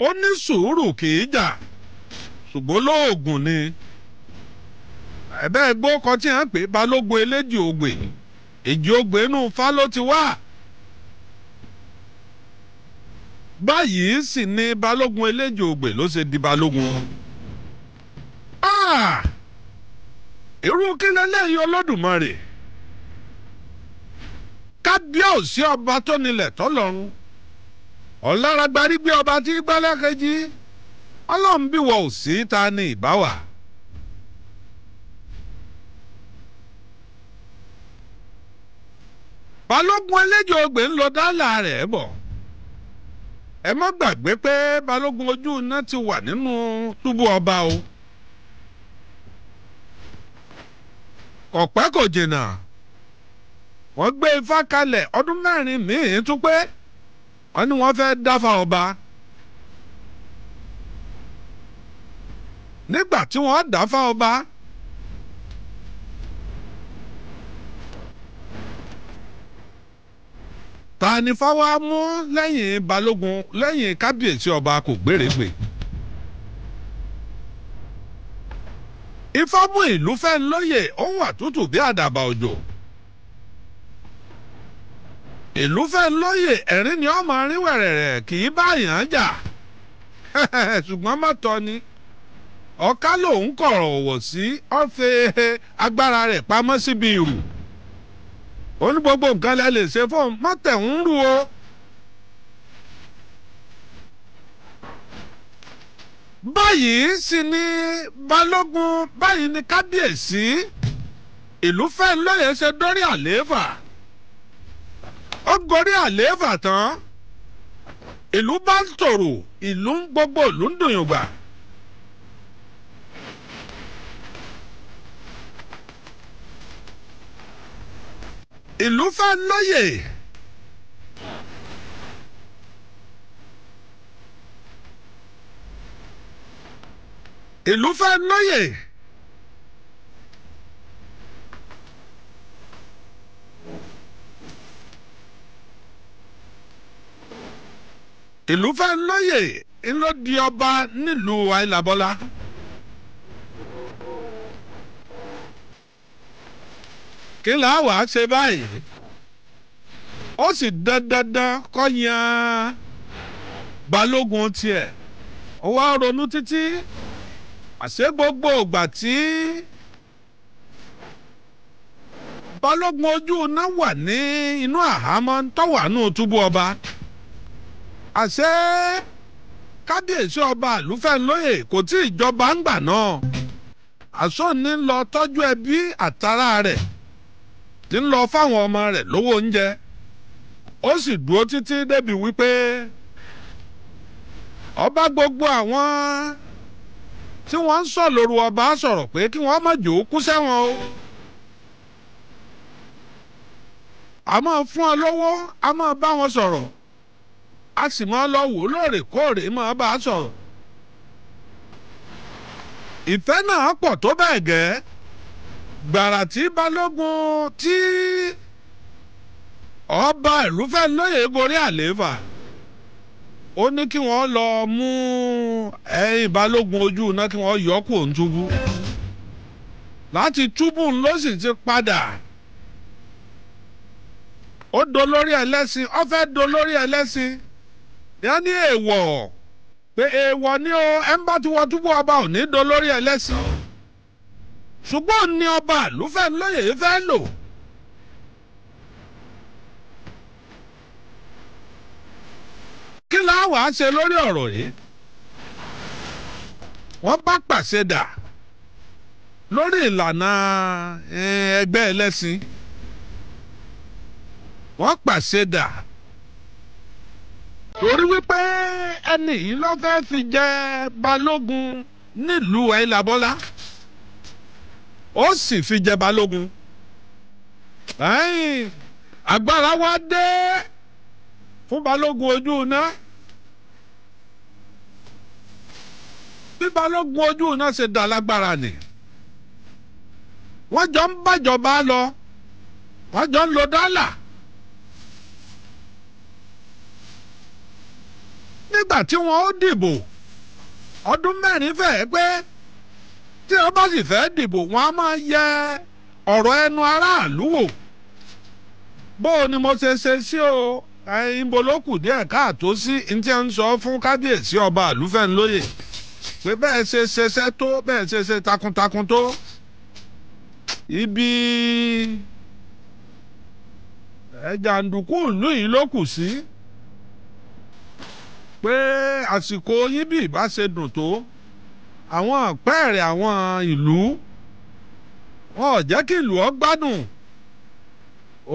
ó ní sùúrù kì í jà ṣùgbọ́n lóògùn ni ẹ̀bẹ́ gbó kan tí hàn pé balógun eléjì ògbè èjì ògbè inú ifá ló ti wá báyìí sì ni balógun eléjì ògbè ló ṣe di balógun ah! irú kí lẹ́lẹ́yìn Olódùmarè kábíyèsí ọba tó nílẹ̀ tọ́lọ́run Ọlọ́ra gbarí gbé ọba tí gbálẹ́ kejì ọlọ́run bí wọ́n ò sí ta ni ìbáwà. balógun eléjò ogbè ń lọ dálà rẹ̀ bọ̀ ẹ má gbàgbé pé balógun ojú iná ti wà nínú túbú ọba o kò kò jìnnà wọ́n gbé ifá kalẹ̀ ọdún mẹ́rin míì tún pé. wọ́n ní wọ́n fẹ́ẹ́ dáfà nígbà tí wọ́n dáfà ọba ta ni balógun lẹ́yìn kábíyèsí ọba kò gbèrègbè. ifá ìlú fẹ́ ń lóye àtútù bí àdàbà òjò. ìlú fẹ́ lóye ẹ̀rín ni ọmọ rin wẹ̀rẹ̀rẹ̀ kì í báyàn jà ṣùgbọ́n mọ́tọ́ ni ọ̀ká lòun kọ̀rọ̀ ọ̀wọ̀ sí ọ̀fẹ́ agbára rẹ̀ pamọ́ síbi ìrù ó ní gbogbo nǹkan lẹ lè ṣe fóun mọ́tẹ̀ ń rú o. báyìí sì ni balógun báyìí ni kábíyèsí ìlú fẹ́ lóye ṣe dórí àlééfà. ó gorí àlééfà tán ìlú bá ń tòrò ìlú ń gbogbo ìlú ń dùn yùngbà. ìlú fẹ́ lóye. ìlú fẹ́ lóye. Ìlúfẹ́lóyè ńlọ di ọba nílùú Àìlàbọ́lá. kí là wà á ṣe báyìí ó sì dandandan kọ́ yan balógun tiẹ̀ ó wá ronú títí àṣé gbogbo ìgbà tí balógun ojú iná wà ní inú àhámọ́ tọ́wọ́ àánú túbú ọba. àṣẹ kábíyèsí ọba àlùfẹ́ńlóyè kò tí ì jọba ńgbà náà àṣọ ní lọ tọ́jú ẹbí àtàrà rẹ̀ ti ń lọ fáwọn ọmọ rẹ̀ lówó oúnjẹ ó sì dúró títí débi wípé ọba gbogbo àwọn tí wọ́n ń sọ lóru ọba sọ̀rọ̀ pé kí wọ́n má jò ó kú sẹ́wọ̀n o. a máa fún ọ lọ́wọ́ a máa bá wọn sọ̀rọ̀ a sì mọ́ lọ wò lóòrèkóòrè mọ́ bá a sọ̀rọ̀. ìfẹ́ náà pọ̀ tó bẹ́ẹ̀ gẹ́ gbàrà tí balógun tí ọba ìlúfẹ́ lóye gorí àlééfà ó ní kí wọ́n lọ mú ẹyin balógun ojú iná kí wọ́n yọ kó ń túbú láti túbú ló sì ti padà ó dolórí ẹlẹ́sìn ó fẹ́ dolórí ẹlẹ́sìn. ní ní èèwọ̀ pe èèwọ̀ ni o ẹ ti wọ túbú ọba ò ní do lórí ẹlẹ́sìn ṣùgbọ́n ní ọba àlùfẹ́ ńlóyè yìí fẹ́ lò. kí láwàá ṣe lórí ọ̀rọ̀ yìí wọ́n bá pàṣẹ dà lórí ìlànà ẹgbẹ́ ẹlẹ́sìn wọ́n pàṣẹ dà torí wípé ẹni yìí ló fẹ́ fi jẹ balógun nílùú ẹ̀yìnlábọ́lá ó sì fi jẹ balógun agbára wa dé fún balógun ojú iná bí balógun ojú iná ṣe dà lágbára ni wọ́n jọ ń bàjọba lọ wọ́n jọ ń lo dọ́là. nígbà tí wọ́n ó dìbò ọdún mẹ́rin fẹ́ẹ́ pé tí wọ́n bá sì fẹ́ẹ́ dìbò wọ́n á máa yẹ ọ̀rọ̀ ẹnu aráàlú wò bó o ni mo ṣe ṣe sí o ìbò ló kù díẹ̀ káàtó sí ní tí ń sọ fún kábíyèsí ọba àlùfẹ́ńlóyè pé bẹ́ẹ̀ ṣe ṣeṣẹ́ tó bẹ́ẹ̀ ṣe ṣe takuntakun tó ibi ẹ̀jàǹdùkú ìlú yìí ló kù sí. Si pé àsìkò yín bí ìbá ṣe dùn tó àwọn àpẹẹrẹ àwọn ìlú wọn ò jẹ́ kí ìlú ọ gbádùn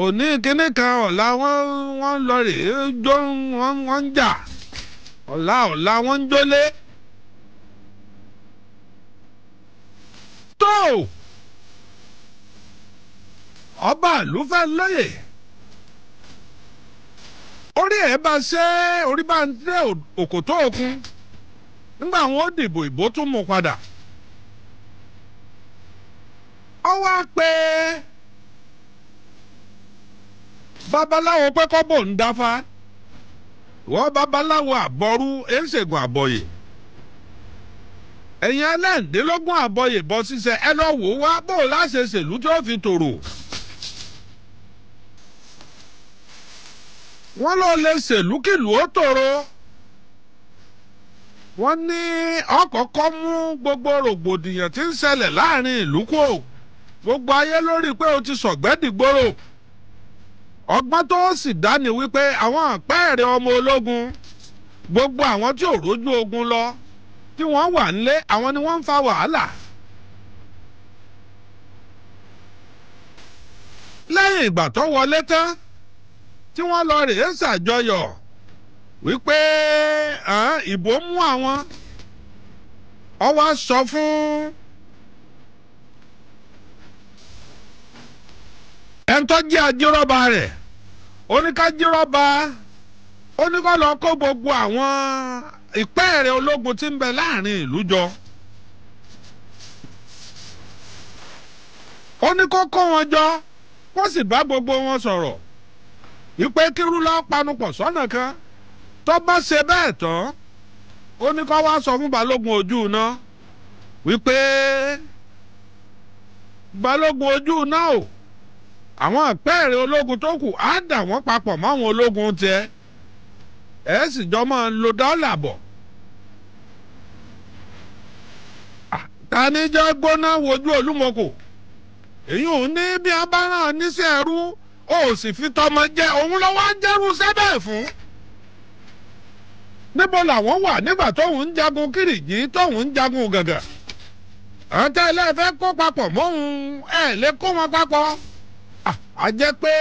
òní kínní kan ọ̀la wọ́n ń lọ rèé jó wọ́n ń jà ọ̀la ọ̀la wọ́n ń jólé. tó ọba ìlú fẹ́ lóye. orí ẹ̀ bá ṣe orí bá ń tẹ òkòtó òkun nígbà wọn ó dìbò ìbò tó mú padà ọ wá pé babaláwo pé kọ́bọ̀ ń dáfá wọ́n babaláwo àbọ̀rú èsègùn àbọ̀yè ẹ̀yin alẹ́ ǹdẹ́lógún àbọ̀yè bọ́ wọ́n ló lè ṣèlú kìlú ó tòrò wọ́n ní ọkọ̀ọ̀kọ́ mú gbogbo rògbòdìyàn tí ń ṣẹlẹ̀ láàrin ìlú kò gbogbo ayé lórí pé o ti sọ̀gbẹ́dìgbòrò ọgbọ́n tó sì dá ni wípé àwọn àpẹẹrẹ ọmọ ológun gbogbo àwọn tí ò rójú ogun lọ tí wọ́n wà nílé àwọn ni wọ́n ń fa wàhálà. lẹ́yìn ìgbà tó wọlé tán tí wọ́n lọ rèé ṣàjọyọ̀ wípé ìbò mú àwọn ó wá sọ fún ẹ̀ńtọ́ jẹ́ ajírọ́ba rẹ̀ oníkájírọ́ba oníkọ́lọ́ kó gbogbo àwọn ìpẹ́ẹ̀rẹ̀ ológun tí ń bẹ láàrin ìlú jọ. ó ní kó kó wọn jọ kó sì bá gbogbo wọn sọ̀rọ̀ ìpè kírun lọ́ọ́ panupọ̀ sọ́nà kan tó bá ṣe bẹ́ẹ̀ tán ó ní kó wá sọ fún balógun ojú iná wípé balógun ojú iná o àwọn àpẹẹrẹ ológun tó kù á dà wọ́n papọ̀ máwọn ológun tiẹ̀ ẹ̀ sì jọ máa ń lo dọ́là bọ̀. tanijẹ́ gbóná wojú olúmọ̀kò èyí ò ní bí abáràn níṣẹ́ ẹrú o sì fi tọmọ jẹ òun lọ́wọ́ ń jẹ́rú sẹ́bẹ̀ fún. níbo làwọn wà nígbà tóun ń jagun kìrìjì tóun ń jagun gàgà. àtẹ ẹlẹ́fẹ́ kó papọ̀ mọ́hun ẹ̀ lè kó wọn papọ̀. a jẹ́ pé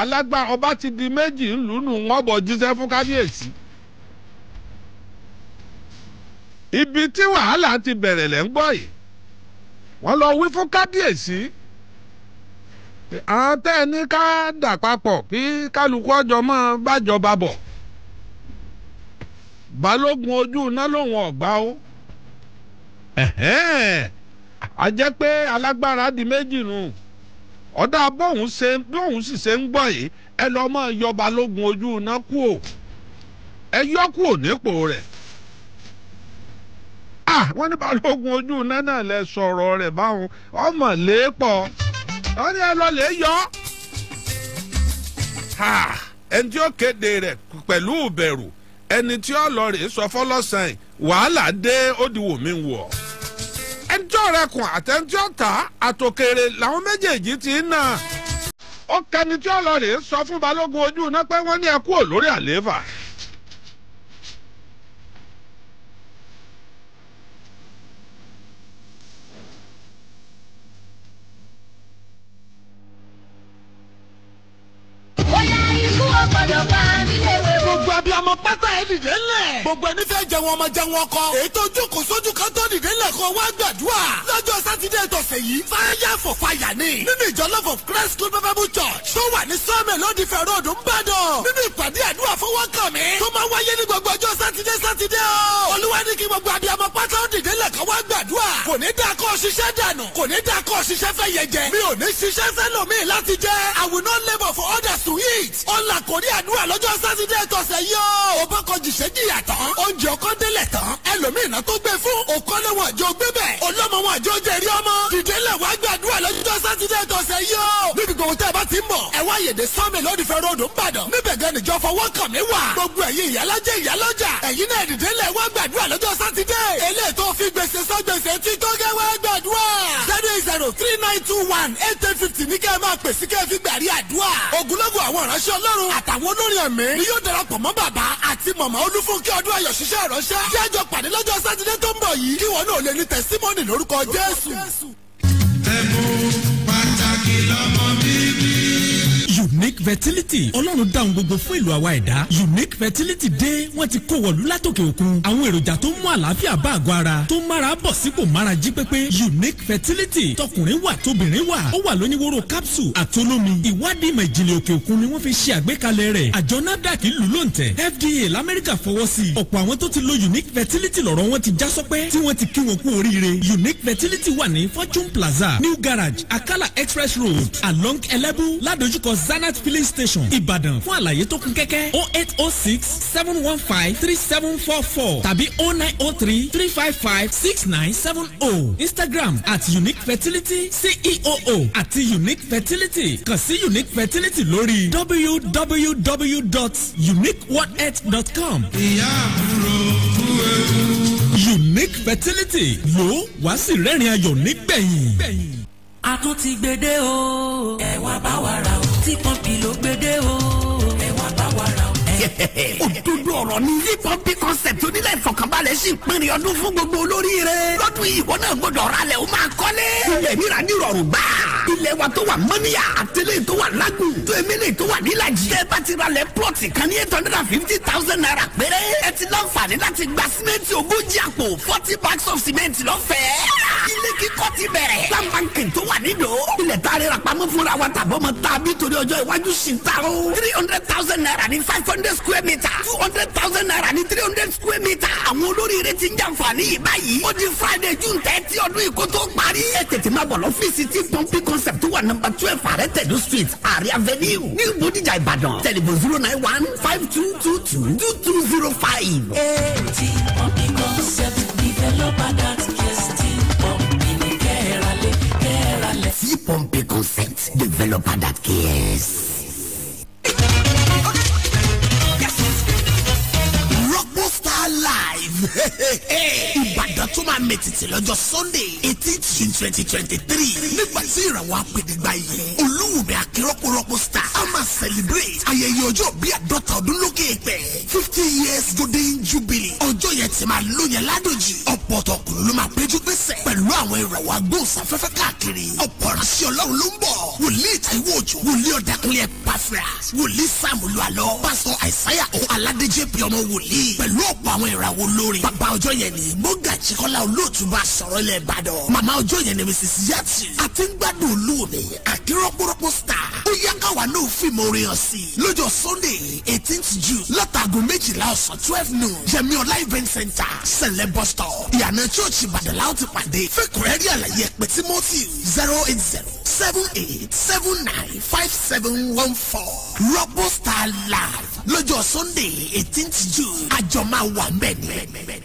alágbá ọba ti di méjì ńlùnú wọn bọ̀ jíṣẹ́ fún kábíyèsí. ibi tí wàhálà ti bẹ̀rẹ̀ lẹ́ ń gbọ́ yìí wọ́n lọ wí fún kábíyèsí. Si àwọn tẹ ẹ ní ká dà papọ̀ kí kálukú ọjọ́ mọ́ bájọba bọ̀ balógun ojú iná lòun ọ̀gbá o a jẹ́ pé alágbára di méjì nù ọ̀dà bóun ṣe bóun sì ṣe ń gbọ́ yìí ẹ lọ́ mọ́ yọ balógun ojú iná kú o ẹ yọ kú ò nípò rẹ̀ ah wọ́n ní balógun ojú iná náà lẹ sọ̀rọ̀ rẹ̀ báwọn ọmọ pọ̀. wọ́n lọ lè yọ ẹni tí ó kéde rẹ̀ pẹ̀lú ìbẹ̀rù ẹni tí ó lọ rè sọ fọlọ́sàn wàhálà dé ó di wò mí wọ̀ ẹni tí ó rẹkùn àtẹni ta àtòkèrè làwọn méjèèjì ti ń nà ó kẹni tí ó lọ rè sọ fún balógun ojú náà pé wọ́n ní ẹ ò lórí àlééfà ọmọ pátá ẹ dìde lẹ̀. gbogbo ẹni fẹ́ jẹun ọmọ jẹun ọkọ. ètò ojúkùn sójú kan tó dìde lẹ́kọ̀ọ́ wá gbàdúrà. lọ́jọ́ sátidé tọ̀sẹ̀ yìí fáyà fọ̀ fàyà ni. nínú ìjọ love of christ school bible church tó wà ní sọ́ọ̀mẹ̀ lọ́dí fẹ̀rẹ̀ ọ̀dùn ńbàdàn. nínú ìpàdé àdúrà fọwọ́kàn mi. tó máa wáyé ní gbogbo ọjọ́ sátidé sátidé o. olúwa ní kí gbogbo abiyamọ pátá ó dìde lẹ́kọ̀ọ́ wá gbàdúrà. kò ní dáa kó ṣiṣẹ́ dànù. kò ní dáa kó ṣiṣẹ́ fẹ́ yẹ jẹ. mi ò ní ṣiṣẹ́ sẹ́lòmíì láti jẹ́. I will not labour for others to eat. ọ̀là kò ní àdúrà lọ́jọ́ sátidé tọ̀sẹ̀ yìí o o bá kọjú sẹ́jìyà tán oúnjẹ ọkọ délẹ̀ tán ẹlòmíràn tó gbé fún òkọ́lé wọn àjọ gbé bẹ̀ olómọ wọn àjọ jẹrí ọmọ dìde lẹ̀ wá gbàdúrà lọ́jọ́ sátidé tọ̀sẹ̀ yóò níbi gbogbo tẹ́ ẹ bá ti mọ̀ ẹ wá yèdè sọ́mi lọ́dìfẹ́ ròdù ńbàdàn níbẹ̀ gan ni ìjọ fọwọ́ kàn mí wà gbogbo ẹ̀yin ìyálàjẹ ìyálọ́jà ẹ̀yin náà dìde lẹ̀ wá gbàdúrà lọ́jọ́ sátidé eléètò fi gbèsè sọ gbèsè títọ́gẹ́wẹ́ gbàdúrà eight zero three nine two one eight ten fifty ní kẹ́ ẹ máa pèsè kẹ́ ẹ fi gbàrí àdúrà. ogunlọ́gọ̀ àwọn ìránṣẹ́ ọlọ́run àtàwọn olórin ẹ̀mí ni yóò darapọ̀ mọ́ bàbá àti màmá olúfúnkẹ́ ọdún ayọ̀ ṣiṣẹ́ ìránṣẹ́. jẹ́jọ pàdé lọ́jọ́ sátidé tó ń bọ̀ yìí kí wọn náà lè ní tẹ̀símọ́nì lórúkọ jésù. unique fertility ọlọ́run dáhùn gbogbo fún ìlú àwa ẹ̀dá unique fertility dé wọ́n ti kó wọ̀lú látòkè òkun àwọn èròjà tó ń mú àlàáfíà bá àgọ́ ara tó ń mára bọ̀ sípò mára jí pépé unique fertility tọkùnrin wà tóbìnrin wà ó wà lóníwóró capsule àtolómi ìwádìí ìmọ̀ ìjìnlẹ̀ òkè òkun ni wọ́n fi ṣe àgbékalẹ̀ rẹ̀ àjọ NAFDAC ìlú ló ń tẹ̀ FDA lamẹ́ríkà fọwọ́ sí i ọ̀pọ̀ àwọn tó ti lo unique fertility lọ́rọ̀ wọn ti já sọ́pẹ́ tí wọ́n ti kí wọn kú oríire unique fertility wà ní Fortune Plaza New Garage Akala Express Road along Elebu ládojúkọ zana Maramat filling station Ìbàdàn fún àlàyé tó kún kẹ́kẹ́ o oh eight o oh tàbí o oh nine o Instagram at Unique Fertility CEOO àti Unique Fertility kàn sí Unique Fertility lórí www.uniqueonehealth.com. ìyá àbúrò kú ewu. Unique Fertility ló wá sí rẹ́rìn ayọ̀ nígbẹ̀yìn. a tún ti gbede o ẹ wá bá wa ra tí pọ́ǹpì ló gbédè o òdodo ọ̀rọ̀ ni hip hop bí concept onílẹ̀ ìfọkànbalẹ̀ sì ń pèrè ọdún fún gbogbo olórí rẹ̀ lọ́dún yìí ìwọ náà gbọ́dọ̀ ra lẹ̀ o máa kọ́lé ilẹ̀ mìíràn ní ìrọ̀rùn gbà ilẹ̀ wa tó wà mọ́níyà àtẹlẹ́ tó wà lágùn tó emele tó wà nílàjì tẹ́ bá ti ra lẹ̀ plọ̀tì kan ní eight hundred and fifty thousand naira péré ẹ ti láǹfààní láti gba símẹ́ǹtì ogójì àpò forty bags of cement lọ́fẹ̀ẹ́ ilé kíkọ́ ti bẹ̀rẹ̀ sáǹbàǹkì tó wà nílò ilẹ̀ tá a pamọ́ fúnra wa tàbọ̀ mọ́ tàbí torí ọjọ́ iwájú sí ta o three hundred thousand naira ní five hundred square meter two hundred thousand naira ní three hundred square meter àwọn olóríire ti ń jàǹfààní yìí báyìí ó di friday june thirty ọdún yìí kó tó parí ẹ tètè máa bọ̀ lọ́fíìsì tí pọ́ńpì concept wà number twelve àrẹ street àrẹ avenue ní bòdìjà ìbàdàn tẹlifon zero nine one five two two two two two zero five. ti pọ́ńpì concept developer that case ti pọ́ńpì ní kẹ́ẹ̀rẹ́lẹ̀ kẹ́ẹ̀rẹ́lẹ̀. ti pọ́ńpì concept developer that case. ìbàdàn tún máa mètìtì lọ́jọ́ sunday eighteen june twenty twenty three nígbà tí ìràwọ̀ apèdègbà yẹ olúwùmí akérọ́pọ̀rọ́pọ̀ star a máa celebrate ayẹyẹ ọjọ́ bíi àdọ́ta ọdún lókè pẹ̀ fifty years golden jubilee ọjọ́ yẹn ti máa lóyè ládòjì ọ̀pọ̀ ọ̀tọ̀kùnrin ló máa péjú pésẹ̀ pẹ̀lú àwọn ìràwọ̀ agbóhùnsáfẹ́fẹ́ káàkiri ọ̀pọ̀ ránṣẹ́ ọlọ́run ló ń bọ̀ wòlíì taiwo òjò wòlíì ọ̀dàkùnrin ẹ̀pàfra wòlíì sàmúlò àlọ́ pásọ àìsáyà ọ̀hún aládéjẹ́ bí ọmọ wòlíì pẹ̀lú ọ̀pọ̀ àwọn olórin bàbá ọjọ́ yẹn ni Mogaji Kọ́lá olóòtú bá sọ̀rọ̀ ilẹ̀ Ìbàdàn màmá ọjọ́ yẹn ni Mrs. Yati àti ń gbádùn olúwo mi àkírọ́pọ̀rọ̀pọ̀ star ó yá káwa náà fi mo rìn hàn sí i lọ́jọ́ sunday eighteenth june látàgùn méjìlá ọ̀sán twelve noon yẹmi ọlá event center sẹ̀lẹ̀ bus stop ìyànà church ìbàdàn láwọn ti pàdé fẹ́kùrẹ́rì àlàyé pé timothy zero eight zero seven eight seven nine five seven one four rọ́bù star live lọ́jọ́ sunday eighteenth june àjọ máa wà mẹ́rin.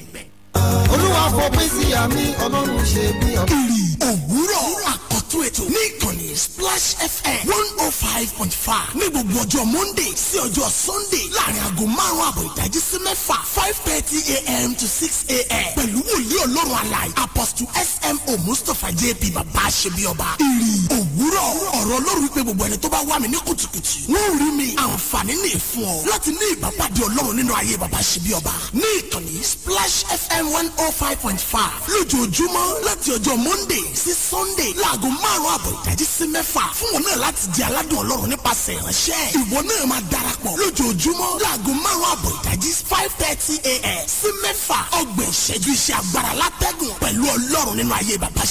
olúwa fọpẹ́ sí àmì ọlọ́run ṣe bí ọ̀gá. ìrì òwúrọ̀ àkọ́ ètò ètò ní ìkànnì splash fm one oh five point five ní gbogbo ọjọ́ monday sí ọjọ́ sunday láàrin aago márùn-ún àbọ̀ ìdájí sí mẹ́fà five thirty a.m. to six a.m. pẹ̀lú wòlíì ọlọ́run àlàyé apostle S.M.O. mustapha jp bàbá àṣebíọba ìrì òwò òwúrọ̀ ọ̀rọ̀ Ọlọ́run wípé gbogbo ẹni tó bá wà mí ní kùtùkùtù wọ́n rí mi àǹfààní ní ìfún ọ láti ní ìbápàdé Ọlọ́run nínú ayé bàbá ṣíbí ọba ní ìkànnì Splash FM one oh five point five lójoojúmọ́ láti ọjọ́ Monday sí Sunday láago márùn-ún àbọ̀ ìdájí sí mẹ́fà fún wọn náà láti di aládùn Ọlọ́run nípasẹ̀ ìránṣẹ́ ìwọ náà máa darapọ̀ lójoojúmọ́ láago márùn-ún àbọ̀ ìdájí five thirty a.m. sí mẹ́fà ọgbọ̀n ìṣẹ́jú iṣẹ́ agbára látẹ́gùn pẹ̀lú Ọlọ́run nínú ayé bàbá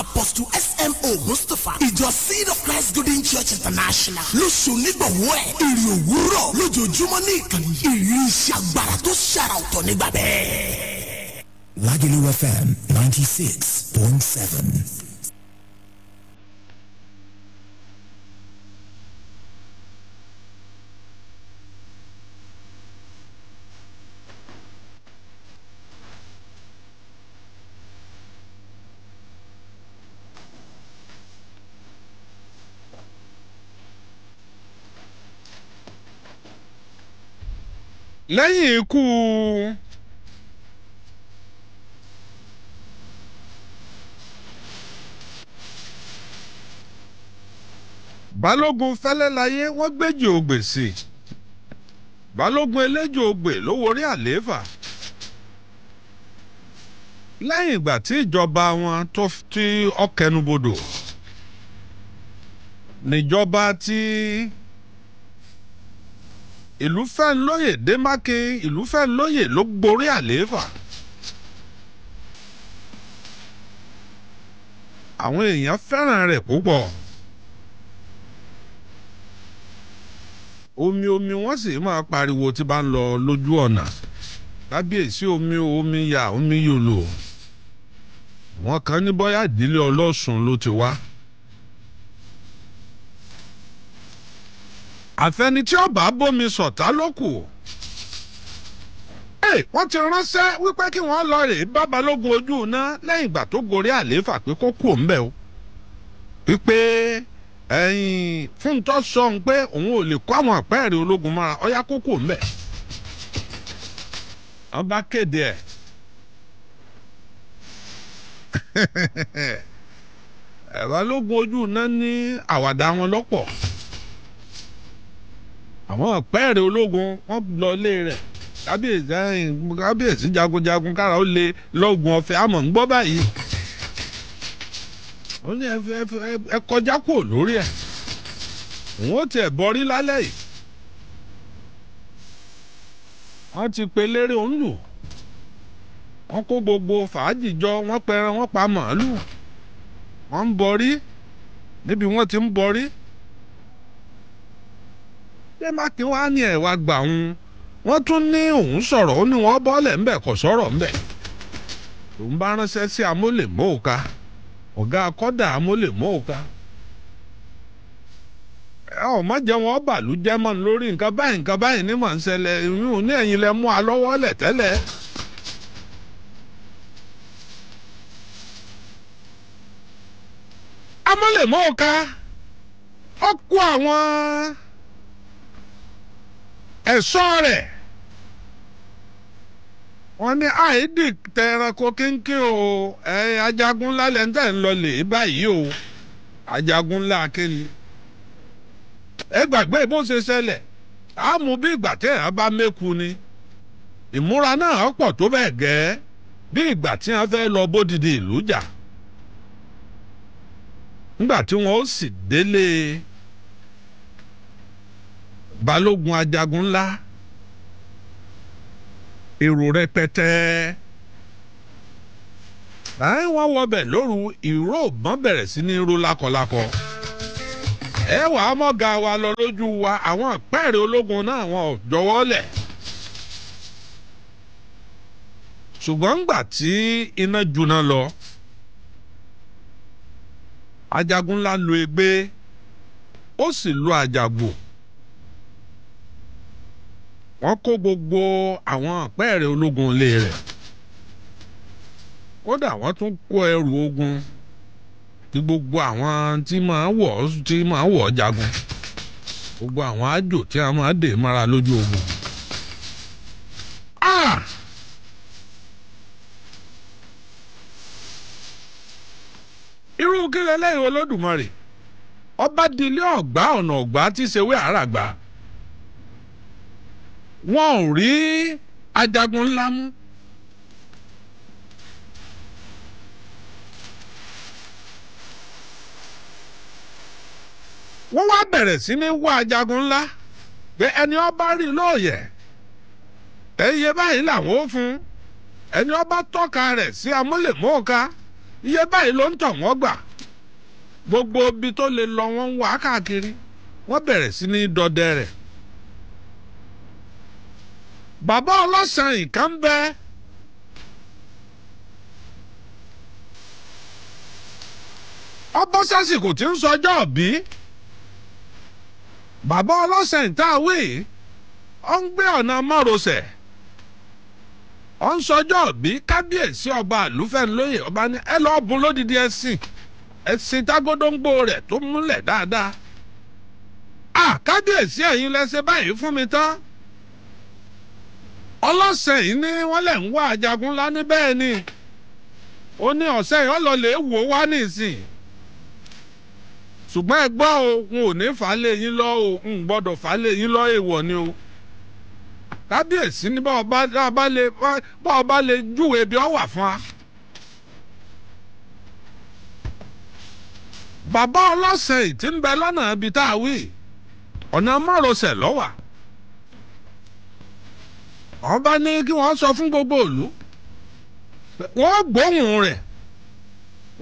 Apostle S.M.O. Mustapha ì ìjọ seed of christ golden church international lóṣù nígbàwọ́ ẹ̀ ìrì òwúrọ̀ lójoojúmọ́ ní ìkànnì ìrì iṣẹ́ agbára tó ṣàrà ọ̀tọ̀ nígbà bẹ́ẹ̀. Lagelu FM ninety six point seven. lẹ́yìn ikú balógun fẹ́lẹ́láyé wọ́n gbéjì ògbè sí balógun eléjì ògbè ló worí àlééfà lẹ́yìn ìgbà tí ìjọba wọn tó ti ọkẹnubodò níjọba tí. Ti Ìlúfẹ́nlóyè dé mákè Ìlúfẹ́nlóyè ló gborí àlééfà. àwọn èèyàn fẹ́ràn rẹ̀ púpọ̀. omi omi wọ́n sì máa pariwo tí bá ń lọ lójú ọ̀nà kábíyèsí omi omi yà omi yòlò wọ́n kàn ní bóyá ìdílé ọlọ́sùn ló ti wá. àfẹni tí ọba bómi sọ̀tá ló kù. wọ́n ti ránṣẹ́ wípé kí wọ́n lọ rèé bá balógun ojú iná lẹ́yìn ìgbà tó gorí àlééfà pé kó kú òun bẹ̀ o. wípé ẹ̀yìn fúntọ́ sọ ohun pé òun ò lè kó àwọn àpẹẹrẹ ológun mọ́ra ọ̀yá kó kú òun bẹ̀. ọba kéde ẹ̀ balógun ojú iná ní àwàdà wọn lọ́pọ̀ àwọn ọ̀pẹ́ẹ̀rẹ̀ ológun wọ́n lọ ilé rẹ̀ kábíyèsí jagunjagun kára ó lè lọ́gùn ọ̀fẹ́ àmọ́ ń gbọ́ báyìí ó ní ẹ kọjá kúrò lórí ẹ̀ òun ó tiẹ̀ bọ́rí lálẹ́ yìí wọ́n ti pe eléré òun lù wọ́n kó gbogbo fàájì jọ wọ́n pẹran wọ́n pa màálù wọ́n ń bọrí níbi wọ́n ti ń bọrí. ṣé mákè wá ní ẹ̀ gbà òun wọ́n tún ní òun sọ̀rọ̀ ó ní wọ́n bọ́lẹ̀ ńbẹ̀ kò sọ̀rọ̀ ńbẹ̀ òun bá ránṣẹ́ sí amólémòòka ọ̀gá akọ́dà amólémòòka ọmọ jẹ wọn bàlú jẹ lórí nǹkan báyìí nǹkan báyìí ní mọ̀ ń ṣẹlẹ̀ ìyún ní ẹ̀yìn lẹ mú alọ́wọ́ lẹ̀ tẹ́lẹ̀. amólémòòka ó kó àwọn. ẹ̀ṣọ́ wọ́n ní àìdì tẹ kínkín o ẹ Ajagunla lẹ́ ń tẹ̀ o Ajagunla kíni ẹ gbàgbé bó ṣe ṣẹlẹ̀ á mú bí ìgbà ni ìmúra náà ọpọ tó bẹ́ẹ̀ gẹ́ bí ìgbà tí wọ́n fẹ́ lọ bódìdí ìlú jà tí wọ́n e. balógun ajagun ńlá èrò rẹpẹtẹ ẹ wá wọbẹ̀ lóru ìró ògbọ́n bẹ̀rẹ̀ sí ní ro lákọlákọ ẹ wàá mọ̀gà wa lọ lójú wa àwọn àpẹẹrẹ ológun náà wọn ò jọ̀wọ́ lẹ̀ ṣùgbọ́n ńgbà tí iná juná lọ ajagun ńlá lo egbé ó sì lo àjàgbò wọ́n kó gbogbo àwọn àpẹẹrẹ ológun ilé rẹ̀ kódà wọ́n tún kó ẹrù ogun tí gbogbo àwọn tí máa wọ̀ tí máa wọ̀ jagun gbogbo àwọn àjò tí a máa dè mára lójú ogun. Ah! irú kílẹ̀ lẹ́yìn olódùmarè ọba dilé ọ̀gbá ọ̀nà ọ̀gbá tí ṣèwé àràgbà. wọn ò rí ajagun ńlá mú. wọ́n wá bẹ̀rẹ̀ sí ní wá ajagun ńlá pé ẹni ọba rí lóòyẹ̀ ẹ̀yẹ báyìí làwọn ó fún ẹni ọba tọ́ka rẹ̀ sí amúlẹ̀mọ́ọ̀ká iye báyìí ló ń tàn wọ́n gbà gbogbo ibi tó lè lọ wọn ń káàkiri wọ́n bẹ̀rẹ̀ sí ní dọdẹ rẹ̀. bàbá ọlọ́sàn kan bẹ́ẹ̀. ọbọ̀ sásìkò tí ń sọjọ́ òbí bàbá ọlọ́sẹ̀ táwé ọ ń gbé ọ̀nà márosẹ̀ ọ ń sọjọ́ òbí kábíyèsí ọba àlùfẹ́ńlóyè ọba ní ẹ lọ́ọ́ bun lódìdí ẹṣin ẹṣin tágódóńgbò rẹ̀ tó múlẹ̀ dáadáa à kábíyèsí ẹ̀yin lẹ́sẹ̀ báyìí fún mi tán. ọlọ́sẹ̀yìn ní wọ́n lẹ̀ ń wá àjagun lá ní bẹ́ẹ̀ ni ó ní ọ̀sẹ̀yìn ọlọ́lẹ̀ wò wá nísìn ṣùgbọ́n ẹ gbọ́ o n ò ní fà á lé yín lọ o n gbọ́dọ̀ fà á lé yín lọ èèwọ̀ ni o kábíyèsí ni bá ọba lè júwe bí ọ wà fún wa. bàbá ọlọ́sẹ̀yìn tí ń bẹ lọ́nà ibi tá a wí ọ̀nà márosẹ̀ lọ́wà. ọba ní kí wọ́n sọ fún gbogbo òlù wọ́n gbóhùn rẹ̀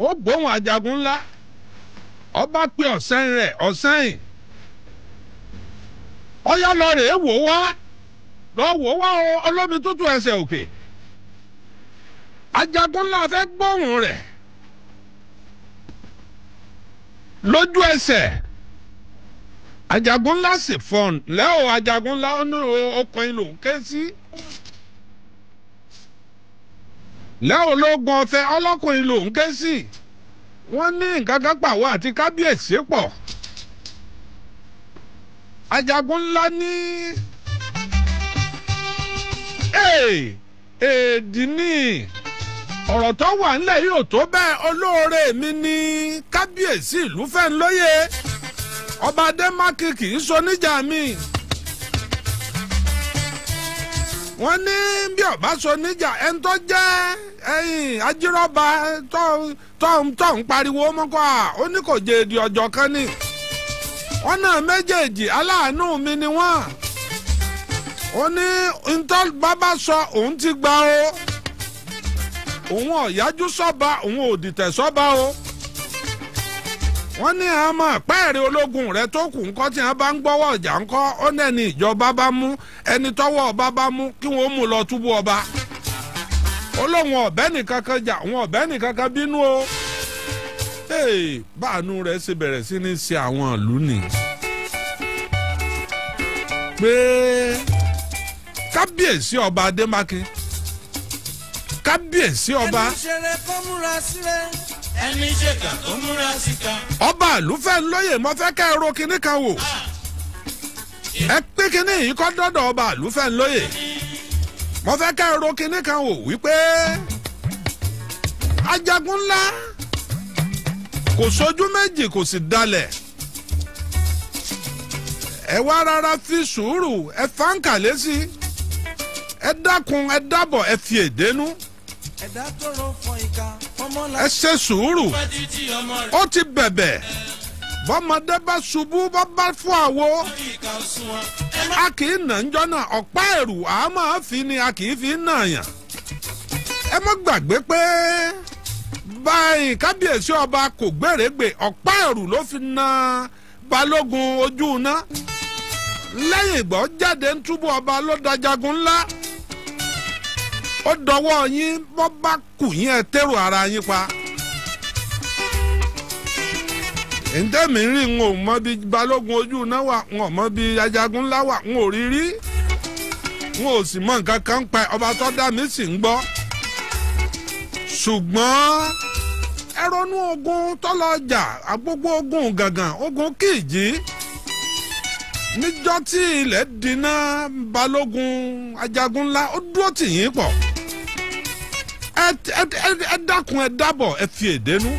wọ́n gbóhùn àjàgùn ńlá ọba pé ọ̀sán rẹ̀ ọ̀sán yìí ọyá lọ rèé wò wá lọ wò wá tútù ẹsẹ̀ òkè àjàgùn ńlá fẹ́ gbóhùn rẹ̀ lójú ẹsẹ̀. ajagun ńlá sì fọ́n lẹ́wọ̀ ajagun ńlá ọ̀nà ọkùnrin lòún ké sí lẹ́wọ̀ ológun ọ̀fẹ́ ọlọ́kùnrin lòún ké sí wọ́n ní nǹkan kan pàwọ́ àti kábíyèsí pọ̀ ajagun ńlá ní èdè ní ọ̀rọ̀ tó wà ńlẹ̀ yóò tó bẹ́ẹ̀ olóore mi ní kábíyèsí ìlú fẹ́ ń ọba adémákì kì í soníjà mi wọ́n ní bí ọba soníjà ẹni tó jẹ́ ẹyin ajírọ́ba tó ń pariwo mọ́kọ́ à ó ní kò jẹ́ èdè ọjọ́ kan ni wọ́n náà méjèèjì aláàánú mi ni wọ́n ó ní ntọ́ bábá sọ òun ti gbà o òun ọ̀yájú sọ́ba òun ò dìtẹ̀ sọ́ba o. wọ́n ní àwọn ọmọ ìpẹ́ẹ̀rẹ̀ ológun rẹ̀ tó kù ńkọ́ tí wọ́n bá ń gbọ́wọ́ ọjà ńkọ́ ó nẹ́ni ìjọba bá mú ẹni tọ́wọ́ ọba bá mú kí wọ́n mú lọ túbú ọba ó lóun nìkan kan jà òun ọ̀bẹ nìkan kan bínú o báànú rẹ̀ ṣe bẹ̀rẹ̀ sí ní ṣe àwọn ìlú nì pé kábíyèsí ọba adémákin kábíyèsí ọba. ẹnu ṣeré kó múra sílẹ̀ ẹni ṣèkà tó múra síta. ọba àlùfẹ́ ńlọ́yè mo fẹ́ kẹ́ ẹ ro kinní kan wò ah. ẹ pín kinní yìí kọ́ dọ́dọ̀ ọba àlùfẹ́ ńlọ́yè mo fẹ́ kẹ́ ẹ ro kinní kan wò wípé ajagun ńlá kò sójú méjì kò sì dalẹ̀ ẹ wá rárá fi sùúrù ẹ fáǹkà sí ẹ dákun ẹ dábọ̀ ẹ fi èdè nú. ẹ̀dá tó ro fọ ìka. ẹ ṣe sùúrù ó ti bẹ̀bẹ̀ bọ́mọdé bá ṣubú bá bá fún àwo a kì í nà ń jọ́nà ọ̀pá ẹ̀rù a máa fi ni a kì í fi nà yàn ẹ mọ́ gbàgbé pé báyìí kábíyèsí ọba kò gbèrègbè ọ̀pá ẹ̀rù ló fi na balógun ojú iná lẹ́yìn ìgbọ́ jáde ń túbọ̀ ọba ló dajagun ńlá. ó dọwọ́ yín bọ́ bá kù yín ẹ tẹ́rù ara yín pa. ǹdẹ́mi rí n ò mọ bí balógun ojú iná wà n ò mọ bí ajagun ńlá wà n ò rí rí n ò sì mọ nǹkan kan pa ọba tó dá mi sì ń gbọ́. ṣùgbọ́n ẹ ronú ogun tọ́lọ́jà agbógbó ogun gàngàn ogun kìjì níjọ́ tí ilẹ̀ dínà balógun ajagun ńlá ó dúró tì yín pọ̀. ẹ dákun ẹ dábọ̀ ẹ fi èdè nú.